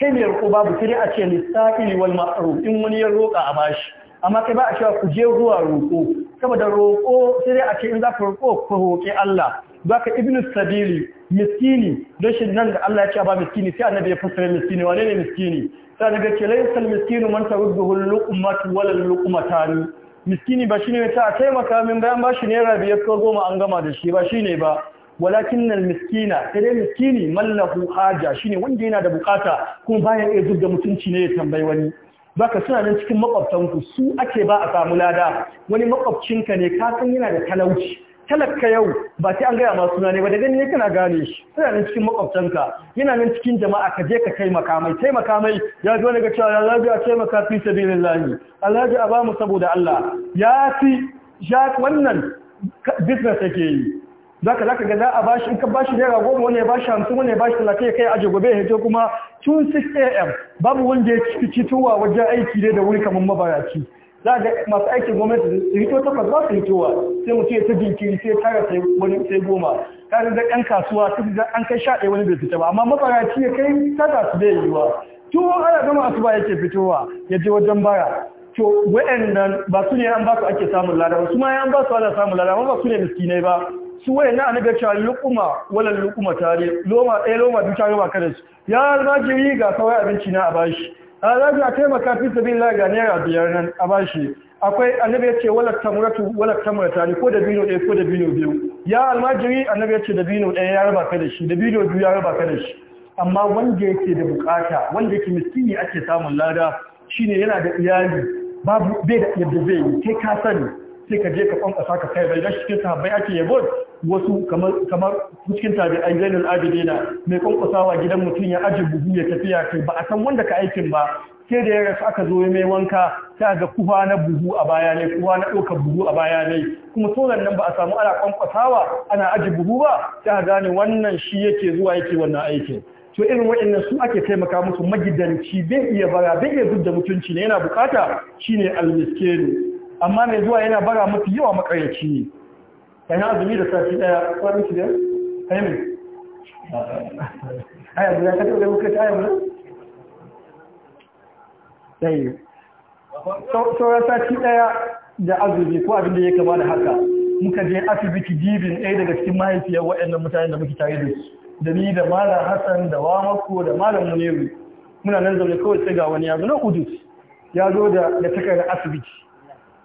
kai ne roƙo babu sai a ce lisa'ili wal ma'ruf in wani ya roƙa a bashi amma kai ba a cewa ku je zuwa roƙo saboda roƙo sai a ce in za ku roƙo ku roƙi Allah zaka ibn Sabeli miskini don shi nan da Allah ya ce ba miskini sai annabi ya fassara miskini wane ne miskini sai annabi ce ce laysal miskinu man tarudduhu luqmatu wala luqmatani miskini ba shine ta taimaka min bayan ba shi naira biyar ko goma an gama da shi ba shine ba walakin al miskina sai dai miskini mallahu haja shine wanda yana da bukata kuma bayan iya da mutunci ne ya tambayi wani baka suna nan cikin makwabtanku su ake ba a samu lada wani makwabcinka ne ka san yana da talauci talaka yau ba sai an gaya masu suna ne ba da gani ne kana gane shi suna nan cikin makwabtanka yana nan cikin jama'a ka je ka taimaka mai taimaka mai ya zo daga cewa ya zaji a taimaka fi sabilillahi alhaji a mu saboda Allah ya fi ya wannan business yake yi zaka zaka ga za a bashi in ka bashi naira goma wani ya bashi hamsin wani ya bashi talatin ya kai aje gobe ya je kuma tun 6 am babu wanda ya ci tuwa wajen aiki ne da wuri kamar mabaraci za ga masu aikin gwamnati su hito takwas ba su hitowa sai mu ce ta jinkiri sai tara sai wani sai goma kare da ɗan kasuwa ta da an kai sha ɗaya wani bai fita ba amma mafaraci ya kai tara su bai yiwuwa tun ana gama ba yake fitowa ya je wajen bara to wa'annan ba su ne an ba su ake samun lada ba su ma an ba su ana samun lada ba su ne miskinai ba su waye na annabi cewa lukuma wala lukuma tare loma ɗaya loma duk tare ba kada su ya zaki ga kawai abinci na a bashi a zaga a taimaka fi sabi ga naira biyar nan a bashi akwai annabi ya ce wala tamratu wala ne ko da bino ɗaya ko da bino biyu ya almajiri annabi ya ce da bino ɗaya ya raba ka da shi da bino biyu ya raba ka da shi amma wanda yake da bukata wanda yake miskini ake samun lada shi ne yana da iyali babu bai da yadda zai yi kai ka sani sai ka je ka kwankwasa ka kai bai dan cikin sahabbai ake yabo wasu kamar kamar cikin tabi'ai zainul abidina mai kwankwasawa gidan mutum ya aje buhu ya tafiya kai ba a san wanda ka aikin ba sai da ya rasu aka zo mai wanka ta ga kufa na buhu a baya ne kufa na ɗaukar buhu a baya ne kuma sauran nan ba a samu ana kwankwasawa ana aji buhu ba sai gane wannan shi yake zuwa yake wannan aikin to irin waɗannan su ake taimaka musu magidanci bai iya bara bai iya da mutunci ne yana bukata shine almiskenu amma mai zuwa yana bara mafi yawa makarici ne kayan azumi da safi daya shi da sauran sati daya da azumi ko abin da ya kama da haka muka je asibiti jibin ɗaya daga cikin mahaifiyar waɗannan mutane da muke tare da su da ni da malam hassan da wamako da malam muniru muna nan zaune kawai sai ga wani ya zo na kudus ya zo da takardar asibiti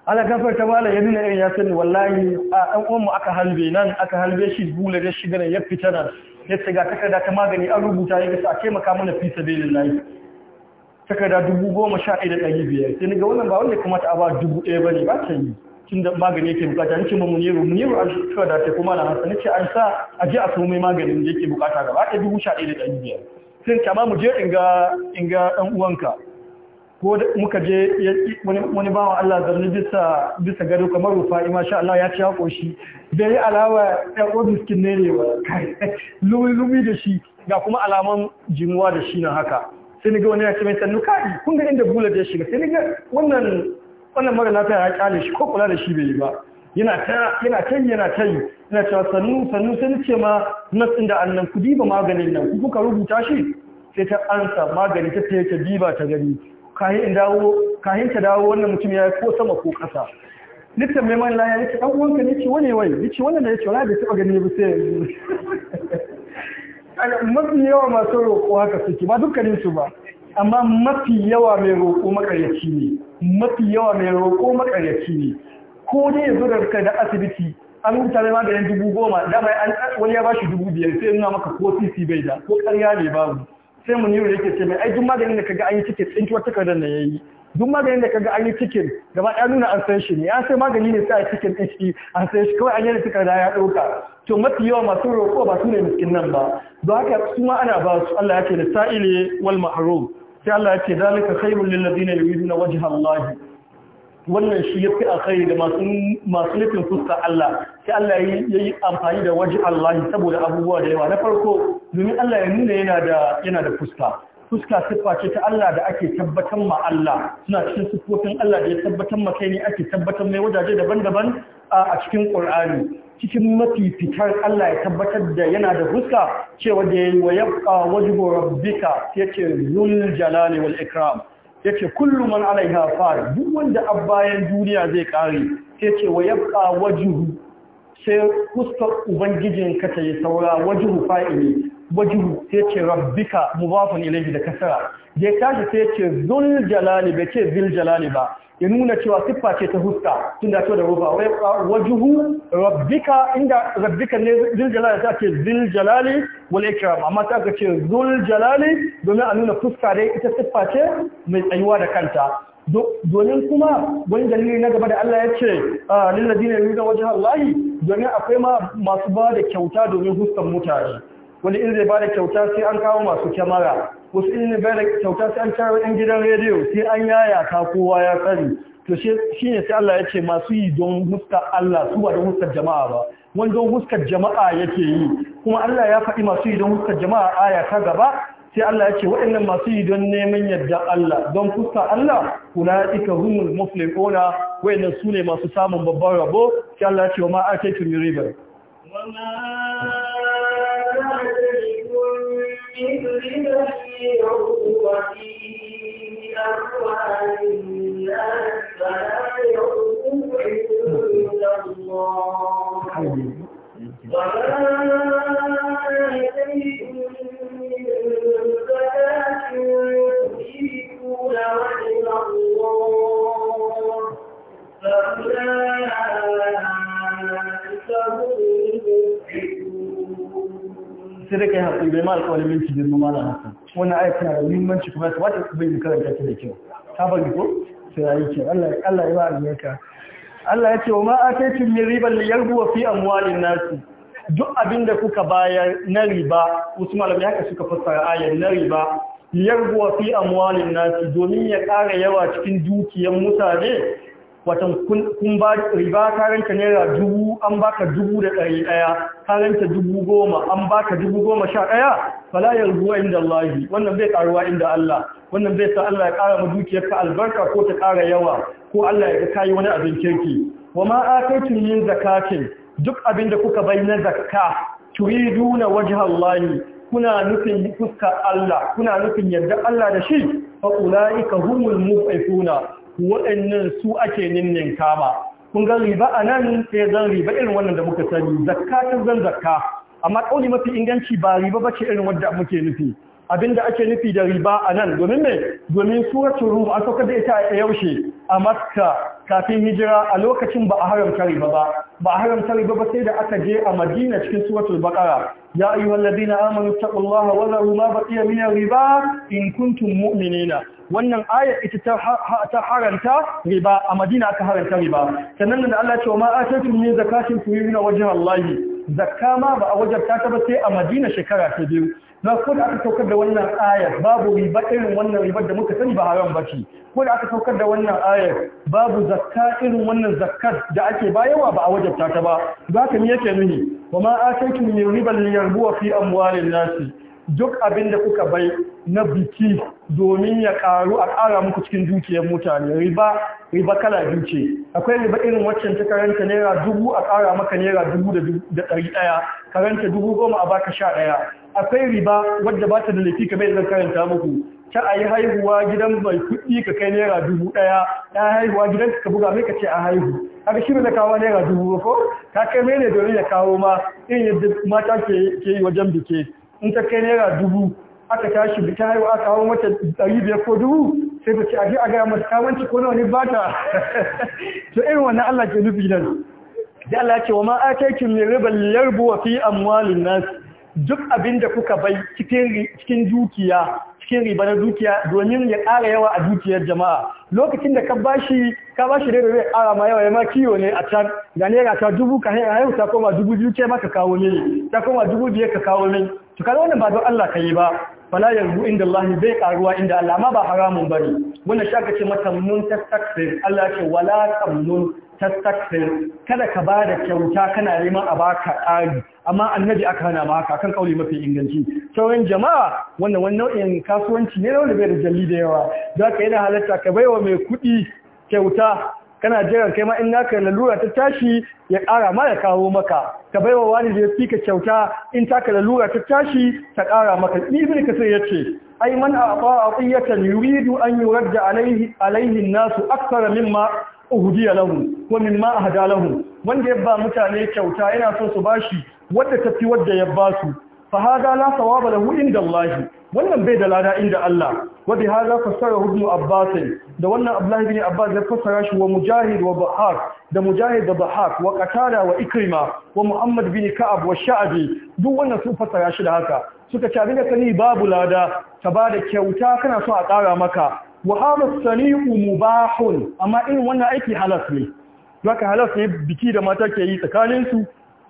ala kafar ta bala ya nuna irin ya sani wallahi a ɗan uwanmu aka halbe nan aka halbe shi bula da shiga ya fita nan ya ce ga takarda ta magani an rubuta ya gasa a taimaka mana fi sabilin layi takarda dubu goma sha ɗaya da ɗari biyar sai ni ga wannan ba wanda kamata a ba dubu ɗaya ba ne ba ta yi tun da magani yake bukata ce ma munyeru munyeru an da ta kuma na hasa ce an sa a je a samu mai maganin da yake bukata gaba ɗaya dubu sha ɗaya da ɗari biyar sai ta ma mu je in ga in ga ɗan uwanka ko muka je wani bawa Allah zarni bisa bisa gado kamar rufa'i sha Allah ya ci ya koshi bai yi alawa ɗan obiskin ne ne ba lumi da shi ga kuma alaman jimuwa da shi na haka sai ni ga wani ya ce mai sannu kai kun ga inda Bula ya shiga sai ni ga wannan wannan mara lafiya ya kyale shi ko kula da shi bai yi ba yana ta yana ta yana ta yana ta sannu sannu sai ni ce ma nasin da annan ku diba maganin nan ku kuka rubuta shi sai ta ansa magani ta ce ta diba ta gani kahin ta dawo wannan mutum ya ko sama ko ƙasa littan mai manila ya yake ɗan'uwanka ne ce wani wai ya ce wannan da ya ce wani da taɓa gani ba sai yanzu mafi yawa masu roƙo haka suke ba dukkaninsu ba amma mafi yawa mai roƙo makaryaci ne mafi yawa mai roƙo makaryaci ne ko ne ya zo daga da asibiti an rubuta mai maganin dubu goma dama wani ya ba shi dubu biyar sai nuna maka ko sisi bai da ko ƙarya ne babu sai muniru yake ce mai ai duk maganin da kaga an yi ticket tsintuwar takardar da yayi duk maganin da kaga an yi ticket gaba ɗaya nuna an san shi ne ya sai magani ne sai a ticket din shi an san shi kawai an yi takarda ya ɗauka to mafi yawa masu roƙo ba su ne miskin nan ba don haka su ma ana ba su Allah ya ce da sa'ile wal mahrum sai Allah ya ce zalika khairul lil ladina yuriduna wajha Allah wannan shi yafi alkhairi da masu masu nufin fuska Allah sai Allah ya yi amfani da waje Allah saboda abubuwa da yawa na farko domin Allah ya nuna yana da yana da fuska fuska siffa ce ta Allah da ake tabbatar ma Allah suna cikin siffofin Allah da ya tabbatar ma kai ne ake tabbatar mai wajaje daban-daban a cikin Qur'ani cikin mafi fitar Allah ya tabbatar da yana da fuska cewa da ya yabqa wajhu rabbika yace zul jalali wal ikram yace kullu man alaiha far duk wanda bayan duniya zai kare yace wa yabqa wajhu sai fuskar ubangijinka ta yi saura wajihu fa'ili wajihu sai ce rabbika mubafin ilaihi da kasara da ya kashi sai ce zul jalali bai ce zil jalali ba ya nuna cewa siffa ce ta huska tun da da rufa wajihu rabbika inda rabbika ne zil jalali ta ce zil jalali wal ikram amma ta ka ce zul jalali domin a nuna fuska dai ita siffa ce mai tsayuwa da kanta domin kuma wani dalili na gaba da Allah ya ce a ah, lillazi ne yuridu wajen Allahi domin akwai masu ba da kyauta domin huskan mutane wani in zai ba da kyauta sai an kawo masu kyamara wasu in zai ba da kyauta sai an kawo yan gidan rediyo sai an yaya ta kowa ya tsari to shi ne sai Allah ya ce masu yi don huskar Allah su ba da huskar jama'a ba wani don huskar jama'a yake yi kuma Allah ya faɗi masu yi don huskar jama'a aya ta gaba sai Allah ya ce waɗannan masu yi don neman yadda Allah don fuska Allah ika humul muflihuna waɗannan su ne masu samun babban rabo sai Allah ya ce wa ma ataitu min riba wa ma ataitu min riba huwa fi amwalin nas fala yuqu illa Allah wa ma وإلى sai kai haƙuri bai ma alƙawarin minti biyar ma malam hasan wannan aiki na da muhimmanci kuma ta wata bai mu karanta ta da kyau ta bari ko sai yi ke Allah Allah ya ba ka Allah ya ce wa ma mai riba da li yarbu fi amwalin nasu, duk abinda kuka bayar na riba wasu malamai haka suka fasara ayar na riba liyarbuwa fi amwalin nasi domin ya ƙara yawa cikin dukiyar mutane watan kun ba riba karanta naira dubu an baka dubu da ɗari ɗaya karanta dubu goma an baka dubu goma sha ɗaya fala yarbuwa inda Allah wannan bai karuwa inda Allah wannan bai sa Allah ya ƙara ma dukiyarka albarka ko ta kara yawa ko Allah ya kai kayi wani abin kirki wa ma ataitum min zakatin duk abin da kuka bai na zakka turiduna wajha Allah kuna nufin fuskar Allah kuna nufin yarda Allah da shi fa ulaika humul mufaifuna wa'annan su ake ninnin kama kun ga riba anan sai zan riba irin wannan da muka sani zakka ta zan zakka amma kauli mafi inganci ba riba bace irin wanda muke nufi abinda ake nufi da riba a nan domin mai domin suratun ruhu an saukar da ita a yaushe a makka kafin hijira a lokacin ba a haramta riba ba ba a haramta riba ba sai da aka je a madina cikin suratul bakara ya ayyuhal ladina amanu taqullaha wa zaru ma baqiya miyan riba in kuntum mu'minina wannan aya ita ta haranta riba a madina aka haranta riba sannan da Allah ya ce ma ataytum min zakatin na wajen Allah zakka ma ba a wajen ta ba sai a madina shekara ta biyu na ko da aka saukar da wannan ayar babu riba irin wannan ribar da muka sani ba haram ba ce ko da aka saukar da wannan ayar babu zakka irin wannan zakkar da ake bayarwa ba a wajabta ta ba za ka mi yake nuni wa ma ataytum min riban liyarbuwa fi amwalin nasi duk abin da kuka bai na biki domin ya karu a kara muku cikin dukiyar mutane riba riba kala biyu ce akwai riba irin waccan ta karanta naira dubu a kara maka naira dubu da ɗari ɗaya karanta dubu goma a baka sha ɗaya akwai riba wadda ba ta da laifi kamar yadda karanta muku ta a yi haihuwa gidan mai kuɗi ka kai naira dubu ɗaya ta haihuwa gidan ka buga mai ka ce a haihu aka shi na kawo naira dubu ko ta kai mai ne domin ya kawo ma irin yadda mata ke yi wajen bike in ta kai naira dubu aka tashi ta haihuwa aka mata ɗari biyar ko dubu sai ta ce a ji a gaya mata kawanci ko nawa ne ba ta to irin wannan Allah ke nufi nan da Allah ce wa ma ataikum min riba liyar wa fi amwalin nas duk abin da kuka bai cikin dukiya cikin riba na dukiya domin ya ƙara yawa a dukiyar jama'a lokacin da ka bashi ka bashi da zai ƙara ma yawa ya ma ne a can ga naira ta dubu ka haihu ta koma dubu biyu ce ma ka kawo ne ta koma dubu biyar ka kawo ne to kada wannan ba don Allah ka yi ba fala yanzu inda Allah zai karuwa inda Allah ma ba haramun bane wannan shaka ce mata mun tasakfir Allah ce wala tamnun tasakfir kada ka bada kyauta kana neman a baka ƙari amma annabi aka hana ma haka kan kauli mafi inganci sauran jama'a wannan wani nau'in kasuwanci ne wanda bai da jalli da yawa za ka yana halatta ka baiwa mai kuɗi kyauta kana jiran kai ma in naka lalura ta tashi ya ƙara ma ya kawo maka ka baiwa wani da ya fi ka kyauta in taka lalura ta tashi ta ƙara maka ibn kasir ya ce ai man a'ta aqiyatan yuridu an yuradda alaihi alaihi nasu akthara mimma uhdiya lahum wa mimma ahda lahu. wanda ya ba mutane kyauta yana son su bashi wadda ta fi wadda ya ba su fa hada la sawaba lahu inda Allah wannan bai da lada inda Allah wa bi hada fasara ibn Abbas da wannan Abdullah bin Abbas ya fasara shi wa Mujahid wa Bahar da Mujahid da Bahar wa Qatada wa Ikrima wa Muhammad bin Ka'ab wa Sha'bi duk wannan sun fasara shi da haka suka ce da sani babu lada ta ba da kyauta kana so a ƙara maka wa hada sani'u mubahun amma irin wannan aiki halas ne zaka halas ne biki da mata ke yi tsakaninsu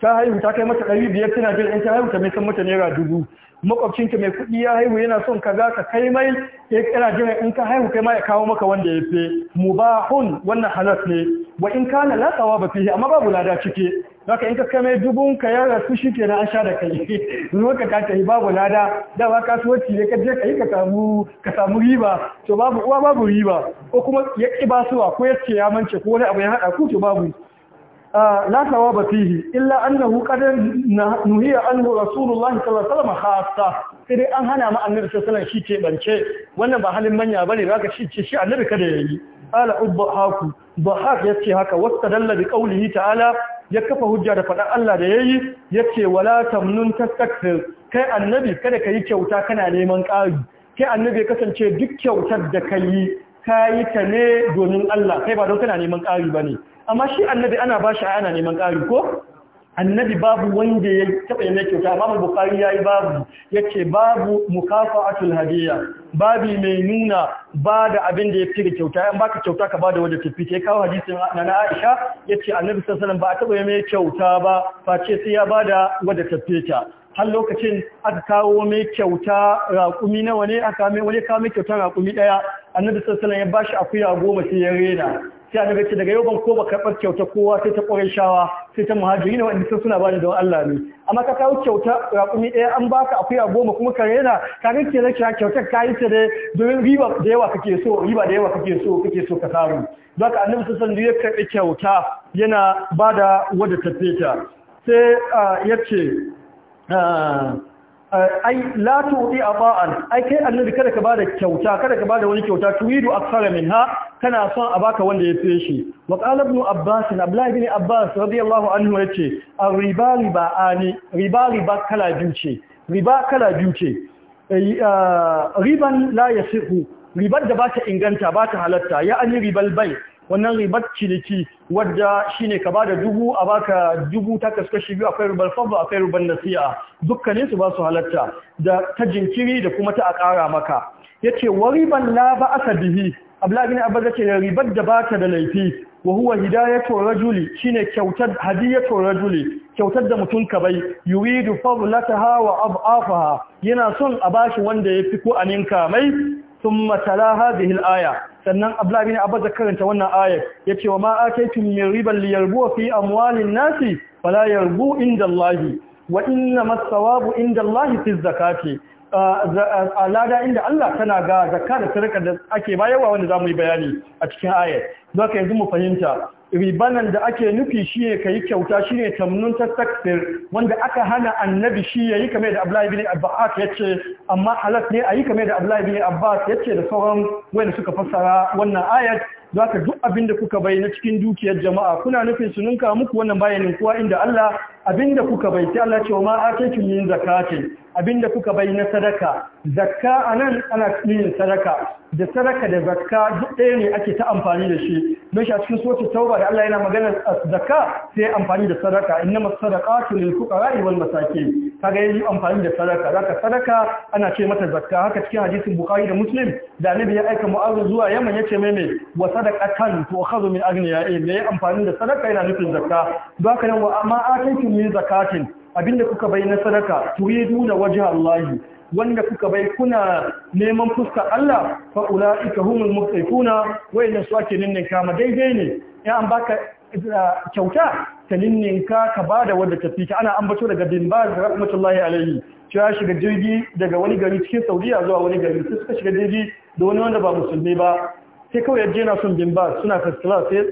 ta haihu ta kai mata ɗari biyar tana jin in ta haihu ta mai san mata naira dubu makwabcinka mai kuɗi ya haihu yana son ka za ka kai mai ya kira jin in ka haihu kai ma ya kawo maka wanda ya fi mu ba hun wannan halas ne wa in ka na latsawa ba fiye amma babu lada ciki zaka in ka kai mai dubun ka ya rasu shi ke na an sha da kai ruwa ka ka yi babu lada da ba kasuwanci ne ka je ka yi ka samu ka samu riba to babu uwa babu riba ko kuma ya ba basuwa ko ya ce ya mance ko wani abu ya haɗa ku to babu la sawaba fihi illa annahu qad nuhiya anhu rasulullahi sallallahu alaihi wasallam khassa sai dai an hana mu annabi sallallahu alaihi wasallam shi ce bance wannan ba halin manya bane zaka shi ce shi annabi kada yayi qala ubbahaku bahak yace haka wastadalla bi qawlihi ta'ala ya kafa hujja da faɗan Allah da yayi yace wala tamnun tastakthir kai annabi kada kai kyauta kana neman ƙari kai annabi ya kasance duk kyautar da kai kayi ta ne domin Allah kai ba don kana neman ƙari bane amma shi annabi ana ba shi ana neman ƙari ko annabi babu wanda ya taɓa yi mai kyauta amma bukari ya yi babu ya ce babu mukafa a hadiya babi mai nuna ba da abin da ya fi kyauta yan baka kyauta ka ba da wadda tafi ta kawo hadisin na na aisha ya ce annabi sassanin ba a taɓa yi mai kyauta ba face sai ya ba da wadda tafi ta har lokacin aka kawo mai kyauta raƙumi nawa ne aka mai wani kawo mai kyauta raƙumi ɗaya annabi sassanin ya ba shi akuya goma sai ya rena sai annabi ce daga yau ban ko karɓar kyauta kowa sai ta ƙorin shawa sai ta muhajiri ne wanda sun suna bani don Allah ne amma ka kawo kyauta raƙumi ɗaya an baka akuya goma kuma ka rena ka ga ke kira kyautar ka yi ta da domin riba da yawa kake so riba da yawa kake so kake so ka samu za ka annabi sassan ya karɓi kyauta yana ba da wadda ta sai ah, ya ce ah, Eh, ai la tu'ti ata'an ai kai annabi kada ka bada kyauta kada ka bada wani kyauta tuwidu aksara minha kana son a baka wanda ya fi shi wa qala ibn abbas abdullah ibn abbas radiyallahu anhu yace ar-riba riba'ani riba riba kala biyu ce riba kala biyu ce eh, eh, riban la yasihu ribar da ba ta inganta ba ta halatta ya an ribal bai wannan ribar ciniki wadda shine ka da dubu a baka dubu ta kaskashi biyu akwai rubar fadda akwai rubar nasi'a dukkanin su ba su halatta da ta jinkiri da kuma ta a ƙara maka yace wariban la ba aka bihi abdullahi bin abbas da ribar da bata da laifi wa huwa hidayatu rajuli shine kyautar hadiyatu rajuli kyautar da mutum ka bai yuridu fadlataha wa abafaha yana son a bashi wanda yafi ko aninka mai thumma tala aya sannan Abdullah bin Abbas karanta wannan ayar ce wa ma mai ribar liyarbu fi amwalin nasi fala yarbu inda Allah wa inna masawabu inda Allah fi zakati alada inda Allah tana ga zakar da sadaka da ake bayarwa wanda zamu yi bayani a cikin ayat ka yanzu mu fahimta ribanan da ake nufi shi shine kai kyauta shi ne tamnun tasaktir wanda aka hana annabi shi ya yi kame da Abdullahi ibn Abbas ce. amma halas ne a yi kame da Abdullahi ibn Abbas ce da sauran wanda suka fassara wannan ayat ka duk abin da kuka na cikin dukiyar jama'a kuna nufin su ninka muku wannan bayanin kuwa inda Allah abinda kuka bai sai Allah ce wa ma ataitu min zakati abinda kuka bai na sadaka zakka anan ana yin sadaka da sadaka da zakka duk ɗaya ne ake ta amfani da shi don shi a cikin suratul tauba da Allah yana magana zakka sai amfani da sadaka na masadaqatu lil kuka wal masakin kaga yayi amfani da sadaka zaka sadaka ana ce mata zakka haka cikin hadisin bukhari da muslim da annabi ya aika mu'azu zuwa yaman yace mai mai wa sadaqatan tu'khadhu min me yayi amfani da sadaka yana nufin zakka don haka nan wa amma ataitu yi zakatin abinda kuka bai na sadaka turiduna waje allahi, wanda kuka bai kuna neman fuska Allah fa ulaika humul muqtifuna wayannan su ake ninnin kama daidai ne ya an baka uh, kyauta ta ninninka ka bada wadda tafi ta ana ambato daga bin baz rahmatullahi alaihi ya shiga jirgi daga wani gari cikin Saudiya zuwa wani gari sai suka shiga jirgi da wani wanda ba musulmi ba sai kawai yaje sun son bin suna first sai ya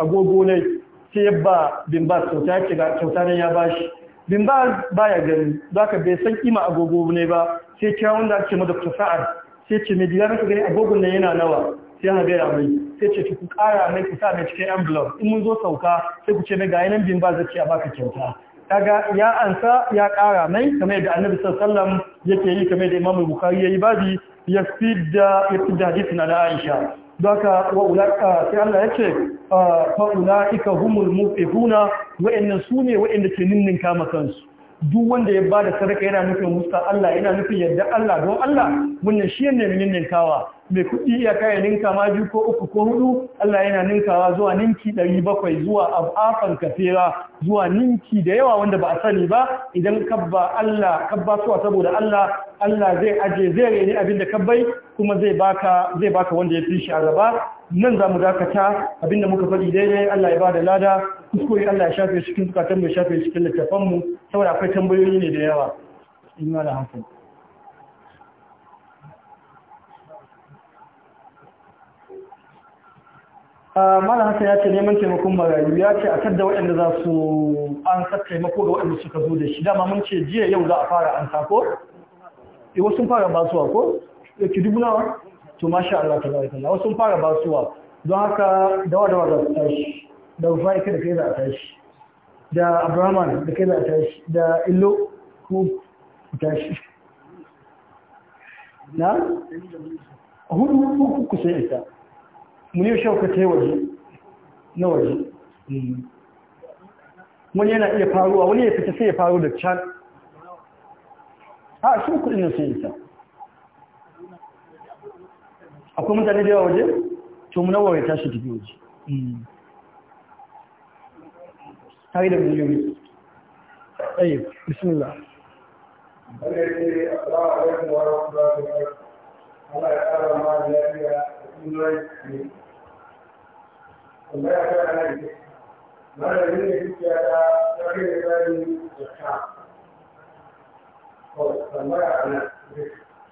agogo ne sai ba bimbas ba kyauta ya kyauta ne ya bashi bimbas ba baya gani ka bai san kima agogo ne ba sai kira wanda ake ma Dr. Sa'ad sai ce me dinar ka gani agogon nan yana nawa sai ha ga mai sai ce ku kara mai ku sa mai cikin envelope in mun zo sauka sai ku ce mai ga yanan bimbas zai ce a baka kyauta kaga ya ansa ya kara mai kamar yadda Annabi sallallahu alaihi wasallam yake yi kamar yadda Imam Bukhari yayi babi ya fidda ya fidda hadisi na Aisha doka wa sai Allah yace ah, fa ulaika humul mufifuna wa'annan sune wa'anda ke kama kansu. duk wanda ya bada sadaka yana nufin wuska Allah yana nufin yadda Allah don Allah wannan shi ne min ninkawa mai kuɗi ya kai ninka ma biyu ko uku ko hudu Allah yana ninkawa zuwa ninki 700 zuwa afafan kafira zuwa ninki da yawa wanda ba a sani ba idan kabba Allah kabba suwa saboda Allah Allah zai aje zai rene abin da kabbai kuma zai baka zai baka wanda ya fi shi a gaba nan za mu dakata abinda muka faɗi daidai Allah ya ba da lada kuskure Allah ya shafe cikin zukatan mai shafe cikin littafan mu saboda akwai tambayoyi ne da yawa in ma da hankali ah, Malam Hassan ya ce neman taimakon marayu ya ce a kadda waɗanda za su an sa taimako ga waɗanda suka zo da shi dama mun ce jiya yau za a fara an sako? Iwa eh, sun fara basuwa ko? Eh, ki dubu nawa? To masha Allah ta zai kalla. Wasu sun fara basuwa don haka dawa dawa za su tashi. da ufaika da kai za a tashi da Abrahaman da kai za a tashi da illo ku tashi na hudu uku ku sai ita mun yi shauka ta yi waje na waje mm. wani yana iya faruwa wani ya fita sai ya faru da can a shi kudin na sai ita akwai mutane da yawa waje to nawa ya tashi tafi waje mm. har da miliyoyi ayi bismillah Allah ya kara ma lafiya da inoyi ne. Tambaya ta ana yi, malamin da kuke da tsari da tsari da ta. Kawai tambaya ana,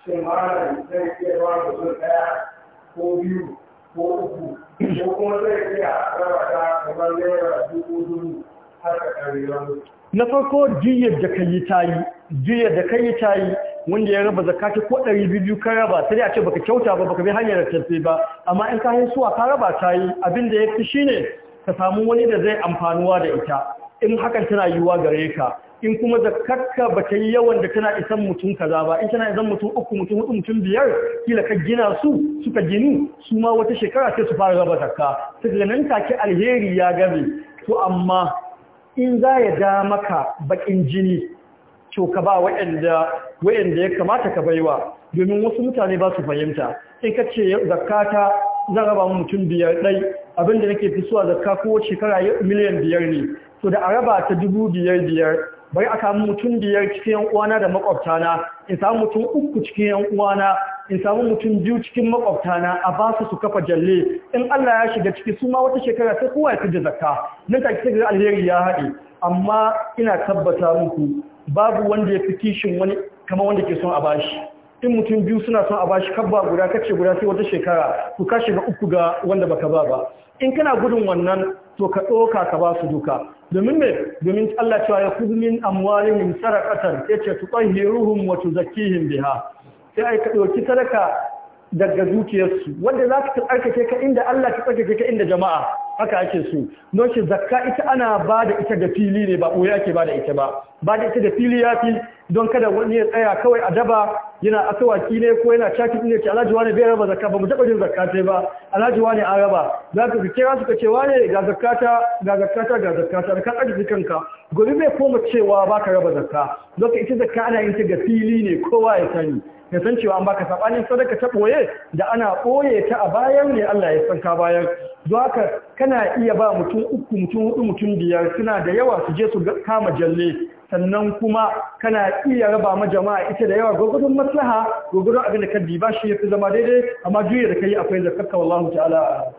shin malamin zai iya ba mutum ɗaya ko biyu ko uku ko kuma zai iya rabata ta kamar naira dubu duru. na farko jiyar da kai tayi jiyar da kai tayi wanda ya raba zakati ko 200 ka raba sai a ce baka kyauta ba baka bi hanyar tafi ba amma in ka suwa ka raba tayi abin da yake shine ka samu wani da zai amfanuwa da ita in hakan tana yiwuwa gare ka in kuma zakarka ba ta yi yawan da tana isan mutum kaza ba in tana isan mutum uku mutum hudu mutum biyar kila ka gina su suka ginu su ma wata shekara sai su fara raba zakka sai nan take alheri ya gabe to amma in za ya da maka bakin jini to ka ba waɗanda ya kamata ka baiwa domin wasu mutane ba su fahimta in ka ce zakata zan raba mutum biyar ɗai abinda nake fi suwa zakka ko shekara miliyan biyar ne to da a raba ta dubu biyar biyar bari a samu mutum biyar cikin yan uwana da makwabtana in samu mutum uku cikin yan uwana in samu mutum biyu cikin makwabtana a ba su su kafa jalle in Allah ya shiga ciki su ma wata shekara sai kowa ya fi zakka nan take sai alheri ya haɗe amma ina tabbata muku babu wanda ya fi kishin wani kamar wanda ke son a bashi in mutum biyu suna son a bashi kabba guda kace guda sai wata shekara ku kashe ga uku ga wanda baka ba ba in kana gudun wannan to ka ɗoka ka ba su duka domin me domin Allah cewa ya kudu min min sadaqatan yace wato wa tuzakkihim biha sai ai ka dauki sadaka daga su wanda za ka tsarkake ka inda Allah ka tsarkake ka inda jama'a haka ake su don shi zakka ita ana bada da ita da fili ne ba ɓoye ake ba ita ba ba da ita da fili ya fi don kada wani ya tsaya kawai a daba yana asawaki ne ko yana caki ne ce alhaji wani bai raba zakka ba mu taba jin zakka sai ba alhaji wani an raba za ka kira su ka ce ne ga zakkata ga zakkata ga zakkata da ka arziki kanka gobe bai koma cewa ba ka raba zakka don ita zakka ana yin ta ga fili ne kowa ya sani ya san cewa an baka sabanin sadaka ta boye da ana boye ta a bayan ne Allah ya san ka bayan don ka kana iya ba mutum uku mutum hudu mutum biyar suna da yawa su je su kama jalle sannan kuma kana iya raba ma jama'a ita da yawa gurgurdun maslaha gurgurdun abin da ka diba shi ya fi zama daidai amma juya da kai akwai zakarka wallahu ta'ala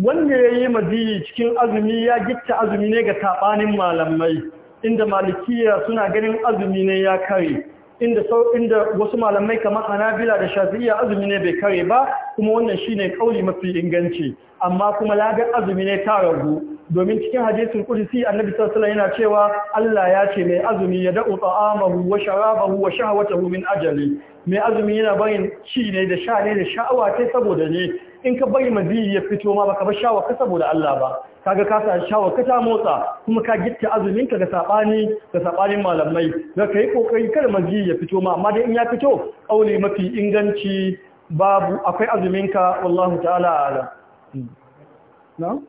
wanda ya yi maziyi cikin azumi ya gitta azumi ne ga taɓanin malamai inda malikiya suna ganin azumi ne ya kare inda inda wasu malamai kamar Hanabila da Shafi'iyya azumi ne bai kare ba kuma wannan shine kauli mafi inganci amma kuma lagar azumi ne ta ragu domin cikin hadisin qudsi annabi sallallahu alaihi yana cewa Allah ya ce mai azumi ya da'u ta'amahu wa sharabahu wa shahwatahu min ajali mai azumi yana barin ci ne da sha ne da sha'awa ta saboda ne in ka bari maziyi ya fito ma baka bar sha'awa ka saboda Allah ba kaga ka sa shawar ka ta motsa kuma ka gitta azumin ka ga sabani ga sabanin malamai da kai kokari kar maji ya fito ma amma dai in ya fito aure mafi inganci babu akwai azumin ka wallahu ta'ala ala na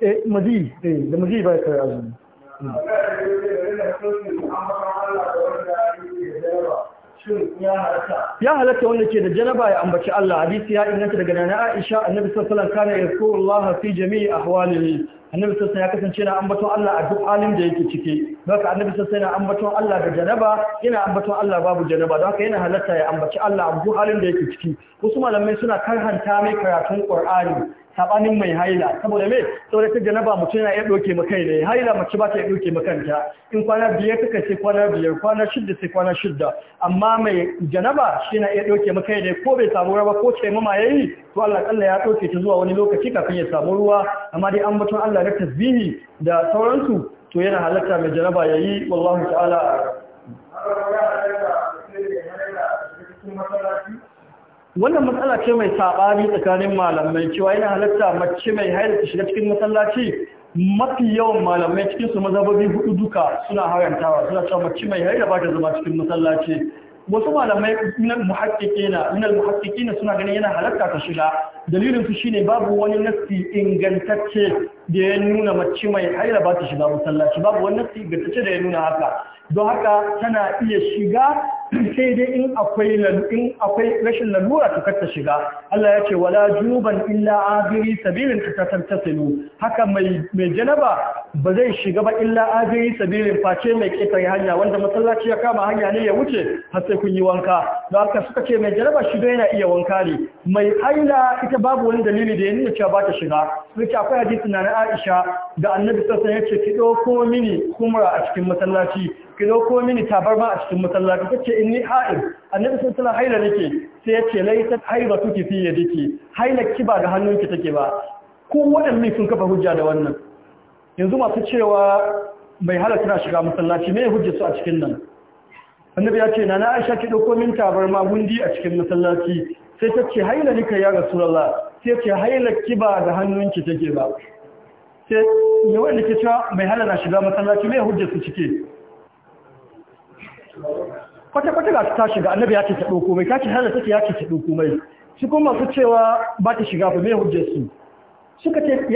eh maji eh da maji ba ka azumi hmm. ya halatta wanda ke da janaba ya ambaci Allah hadisi ya inganta daga nana Aisha annabi sallallahu alaihi wasallam kana yazkurullah fi jami'i ahwalihi annabi sallallahu ya kasance yana ambaton Allah a duk halin da yake ciki haka annabi sallallahu yana ambaton Allah da janaba yana ambaton Allah babu janaba don haka yana halatta ya ambaci Allah a duk halin da yake ciki wasu malamai suna karhanta mai karatun Qur'ani sabanin mai haila saboda me saboda ta janaba mutum yana iya doke maka ne haila mace ba ta iya doke makanta in kwana biyar take sai kwana biyar kwana shidda sai kwana shidda amma mai janaba shi na iya doke makai ne ko bai samu ruwa ko ce mama yayi to Allah kalla ya doke ta zuwa wani lokaci kafin ya samu ruwa amma dai an batun Allah da tasbihi da sauransu to yana halatta mai janaba yayi wallahi ta'ala wannan matsala ce mai saɓani tsakanin malamai cewa yana halatta mace mai haida ta shiga cikin masallaci mafi yawan malamai cikin su mazabobi hudu duka suna harantawa suna cewa mace mai haida ba ta zama cikin masallaci wasu malamai na na na minal na suna ganin yana halatta ta shiga dalilin su shine babu wani nassi ingantacce da ya nuna mace mai haila ba ta shiga masallaci babu wani nassi ingantacce da ya nuna haka don haka tana iya shiga sai dai in akwai in akwai rashin lalura kar ta shiga Allah ya ce wala juban illa abiri sabilin ta tantasilu haka mai janaba ba zai shiga ba illa abiri sabilin face mai ketare hanya wanda masallaci ya kama hanya ne ya wuce har sai kun yi wanka don haka suka ce mai janaba shi yana iya wanka ne mai haila ita babu wani dalili da ya nuna cewa ba ta shiga sun ce akwai hadisi na Aisha da Annabi sallallahu alaihi ya ce ki dauko mini kumra a cikin masallaci ki ko mini tabarma a cikin masallaci ta ce inni ha'id annabi sallallahu alaihi haila nake sai ce yace laita haila tuki fi yadiki haila ki ba ga hannunki take ba ko wadanne sun kafa hujja da wannan yanzu masu cewa mai halatta na shiga masallaci me hujja su a cikin nan annabi ya ce nana Aisha ki dauko min tabarma gundi a cikin masallaci sai ta ce haila nika ya rasulullah sai ce haila ki ba ga hannunki take ba sai ne wanda ke cewa mai halatta na shiga masallaci me hujja su cike kwata-kwata ga ta shiga annabi ya ce ta ɗauko mai ta ce hana take ya ce ta ɗauko mai su kuma masu cewa ba ta shiga ba mai hujjar su suka ce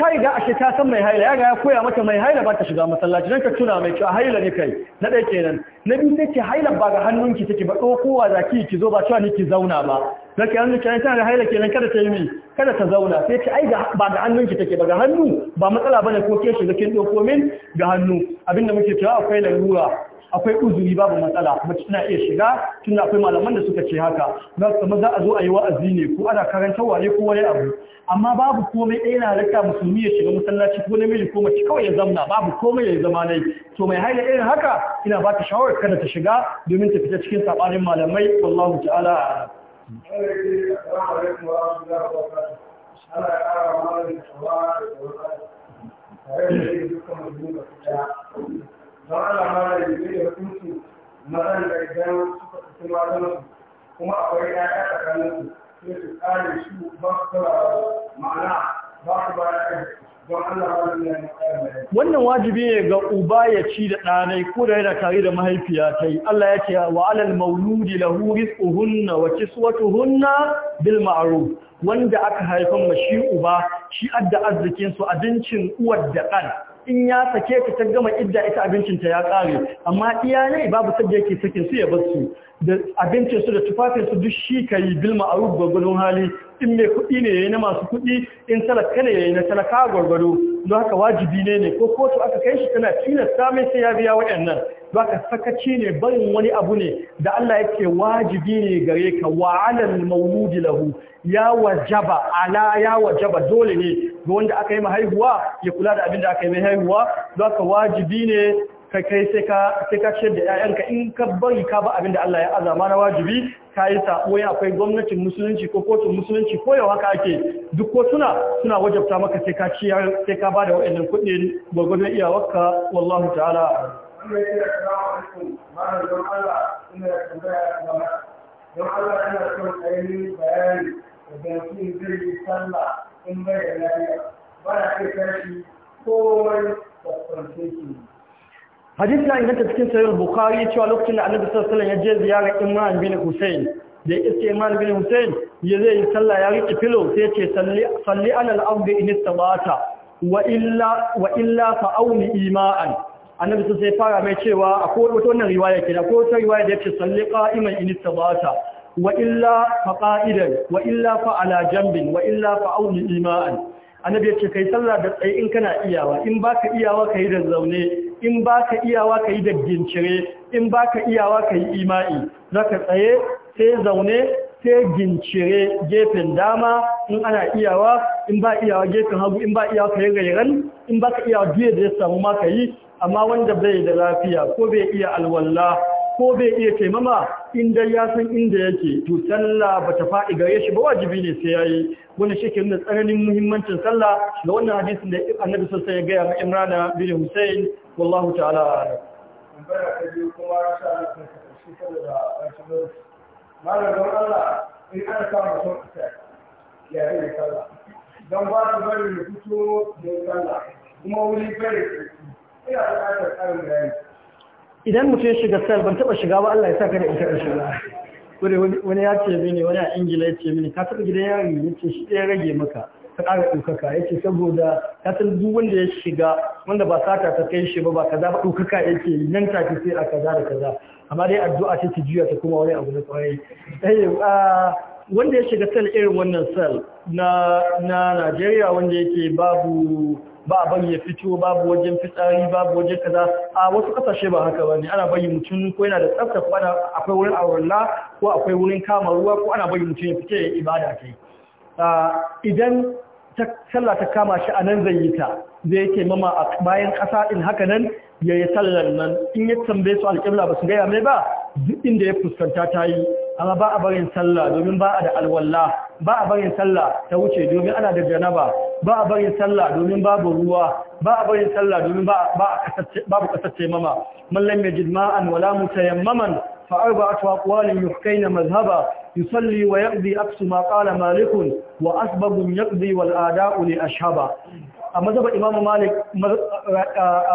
ta ga ashe ta san mai haila ya ga ya koya mata mai haila ba ta shiga masallaci don ka tuna mai cewa haila ne kai na ɗaya kenan na biyu sai ce haila ba ga hannunki take ba wa za ki ki zo ba cewa ni ki zauna ba don ki hannu kenan tana da haila kenan kada ta yi mi kada ta zauna sai ce ai ba ga hannunki take ba ga hannu ba matsala bane ko ke shiga kin ɗauko min ga hannu abinda muke cewa akwai lalura akwai uzuri babu matsala mace tana iya shiga tunda akwai malaman da suka ce haka kamar za a zo a yi wa'azi ne ko ana karantar waye ko wani abu amma babu komai ɗaya na halatta musulmi ya shiga masallaci ko namiji ko mace kawai ya zamna babu komai ya zama nai to mai haila irin haka ina ba ta shawarar kada ta shiga domin ta fita cikin sabanin malamai wallahu ta'ala Allah ya don Allah ma da yi da hukunci mazan da idan suka tafi matan kuma akwai ƴaƴa tsakanin su sai su kare shi ba su tara ma'ana ba su ba da don Allah ma da yi wannan wajibi ne ga uba ya ci da ɗanai ko da yana tare da mahaifiya ta yi Allah ya ce wa alal mauludi lahu rizquhunna wa kiswatuhunna bil ma'ruf wanda aka haifan mashi uba shi adda arzikin su abincin uwar da ɗan in ya sake ta ta gama idda ita abincinta ya kare, amma iyalai babu sadda yake sakin su ya abincin su da tufafin su duk shi ka yi bil ma'aruf gwargwadon hali in mai kuɗi ne yayi na masu kuɗi in talaka ne yayi na talaka gwargwado don haka wajibi ne ne ko kotu aka kai shi tana cinar mai sai ya biya waɗannan don haka sakaci ne barin wani abu ne da Allah yake wajibi ne gare ka wa mauludi lahu ya wajaba ala ya wajaba dole ne ga wanda aka yi mahaihuwa ya kula da abin da aka yi mahaihuwa don haka wajibi ne ka kai sai ka sai ka ciyar da ƴaƴanka in ka bari ka ba abin da Allah ya azama na wajibi ka yi ko ya akwai gwamnatin musulunci ko kotun musulunci ko yau haka ake duk ko suna suna wajabta maka sai ka ciyar sai ka bada waɗannan kuɗin gwagwadon iyawarka wallahu ta'ala don Allah yana son sallah da ba komai da hadisi na inganta cikin sayar Bukhari ya ce a lokacin da annabi sallallahu alaihi wasallam ya je ziyarar imran bin Hussein. da iske imran bin Hussein? ya zai sallah ya rike filo sai ya ce salli salli ala al-ardi in istabata wa illa wa illa fa awni ima'an annabi sai fara mai cewa akwai wata wannan riwaya ke ko wata riwaya da yake salli qa'iman in istabata wa illa fa qa'idan wa illa fa ala jambin wa illa fa awni ima'an annabi ya ce kai sallah da tsaye in kana iyawa in baka iyawa kai da zaune in ba ka iyawa ka yi gincire in ba ka iyawa ka yi ima'i za ka tsaye sai zaune sai gincire gefen dama in ana iyawa in ba iyawa gefen hagu in ba iyawa ka yi rairan in ba ka iyawa biye da ya samu ma ka yi amma wanda bai da lafiya ko bai iya alwallah ko bai iya taimama in dai ya san inda yake to sallah bata faɗi gare shi ba wajibi ne sai yayi wannan shi ke nuna tsananin muhimmancin sallah da wannan hadisin da annabi sallallahu alaihi wasallam ya ga Imran bin Hussein wallahu ta'ala a'lam kuma Allah in ka kama so ya yi sallah don ba su bari da fito da sallah kuma wuri bai ina ta karin bayani idan mutum ya shiga sel ban taba shiga ba Allah ya saka da in kaɗa shiga wani wani ya ce mini wani a ingila ya ce mini ka taba gidan yari ya ce shi ɗaya rage maka ka ƙara ɗaukaka ya ce saboda ka san duk wanda ya shiga wanda ba sata ta kai shi ba ba kaza ba ɗaukaka yake nan nan ce sai a kaza da kaza amma dai addu'a ce ta juya ta kuma wani abu na kwarai eh, wanda ya shiga sel irin wannan sel na na Najeriya wanda yake babu ba bari ya fito babu wajen fitsari babu wajen kaza a wasu kasashe ba haka bane ana bayyana mutum ko yana da tsafta ko ana akwai wurin auralla ko akwai wurin kama ruwa ko ana bari mutum ya fita ya ibada kai idan ta sallah ta kama shi anan nan zai yi ta zai yake mama a bayan ƙasa din haka nan ya yi sallar nan in ya tambaye su alƙibla ba su gaya mai ba duk inda ya fuskanta ta yi amma ba a barin sallah domin ba a da alwalla ba a barin sallah ta wuce domin ana da janaba ba a barin sallah domin babu ruwa ba a barin sallah domin babu kasance mama mallan mai jidma'an wala mutayammaman fa arba'atu aqwalin yuhkayna mazhaba yusalli wa yaqdi aksu ma qala malikun wa asbabu yaqdi wal ada'u li ashhaba a mazhabar imamu malik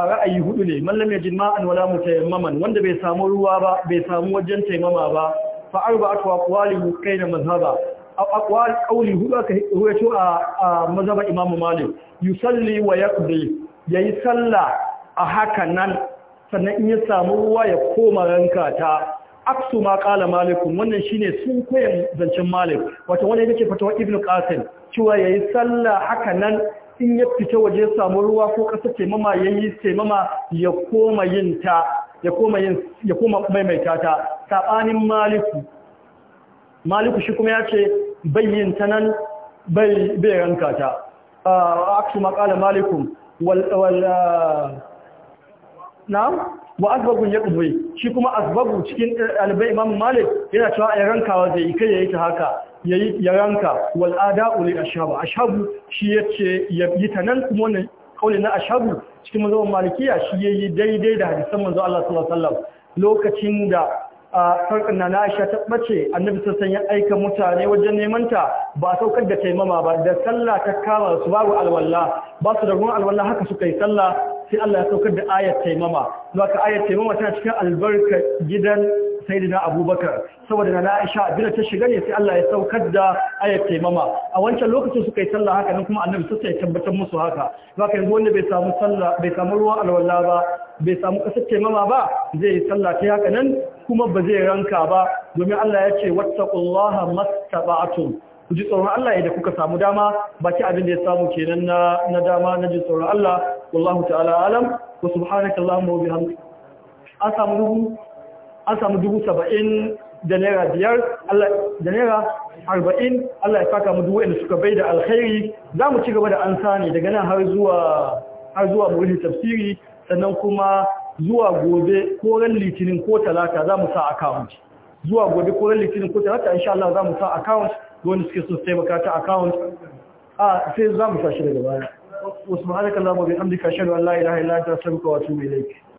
ra'ayi hudu ne mallam ya jima'an wala mutayammaman wanda bai samu ruwa ba bai samu wajen taimama ba fa'ar ba fa arba atwa na kaina mazhaba kwali kauli hudu aka ruwaito a mazhabar imamu malik salli wa ya yayi sallah a haka nan sannan in ya samu ruwa ya koma ranka ta aksu ma kala malikun wannan shine sun koyan zancen malik wata wanda yake fatawa ibnu qasim cewa yayi sallah haka nan in ya fita waje samu ruwa ko ƙasa taimama ya yi taimama ya koma yin ta ya koma yin ya koma maimaita ta sabanin maliku maliku shi kuma ya ce bayyin ta nan bai bai ranka ta ah, a aksu maqala malikum wal wal ah, na'am wa asbabu ya shi kuma asbabu cikin eh, ɗalibai imam malik yana cewa a rankawa zai kai ya ta haka ya ranka wal ada'u li ashabu ashabu shi yace ya yi ta nan kuma ne kauli na ashabu cikin mazhabin malikiya shi yayi daidai da hadisan manzo Allah sallallahu alaihi wasallam lokacin da farkon na Aisha ta bace annabi sallallahu ya aika mutane wajen neman ta ba saukar da taimama ba da sallah ta kama su babu alwala ba su da ruwan alwala haka suka yi sallah sai Allah ya saukar da ayat taimama zuwa ka ayat taimama tana cikin albarka gidan sayyidina Abubakar saboda na Aisha abinda ta shiga ne sai Allah ya saukar da ayat taimama a wancan lokacin suka yi sallah haka nan kuma Annabi sai ya tabbatar musu haka zuwa ka yanzu wanda bai samu sallah bai samu ruwan alwala ba bai samu kasar taimama ba zai yi sallah ta haka nan kuma ba zai ranka ba domin Allah ya ce wattaqullaha mastata'tum ku ji tsoron Allah idan kuka samu dama baki abin da ya samu kenan na na dama na ji tsoron Allah wallahu ta'ala alam wa subhanakallahu wa bihamdika an samu dubu an samu dubu saba'in da naira biyar da naira arba'in Allah ya saka mu duwa inda suka bai da alkhairi za mu ci gaba da an sani daga nan har zuwa har zuwa mawurin tafsiri sannan kuma zuwa gobe ko ran litinin ko talata za mu sa account zuwa gobe ko ran litinin ko talata insha Allah za mu sa account wanda suke so taimaka ta account a sai za mu tashi daga baya wasu ma'anakan labarai amurka shaɗu allah ilaha illa ta samuka wato mai laifi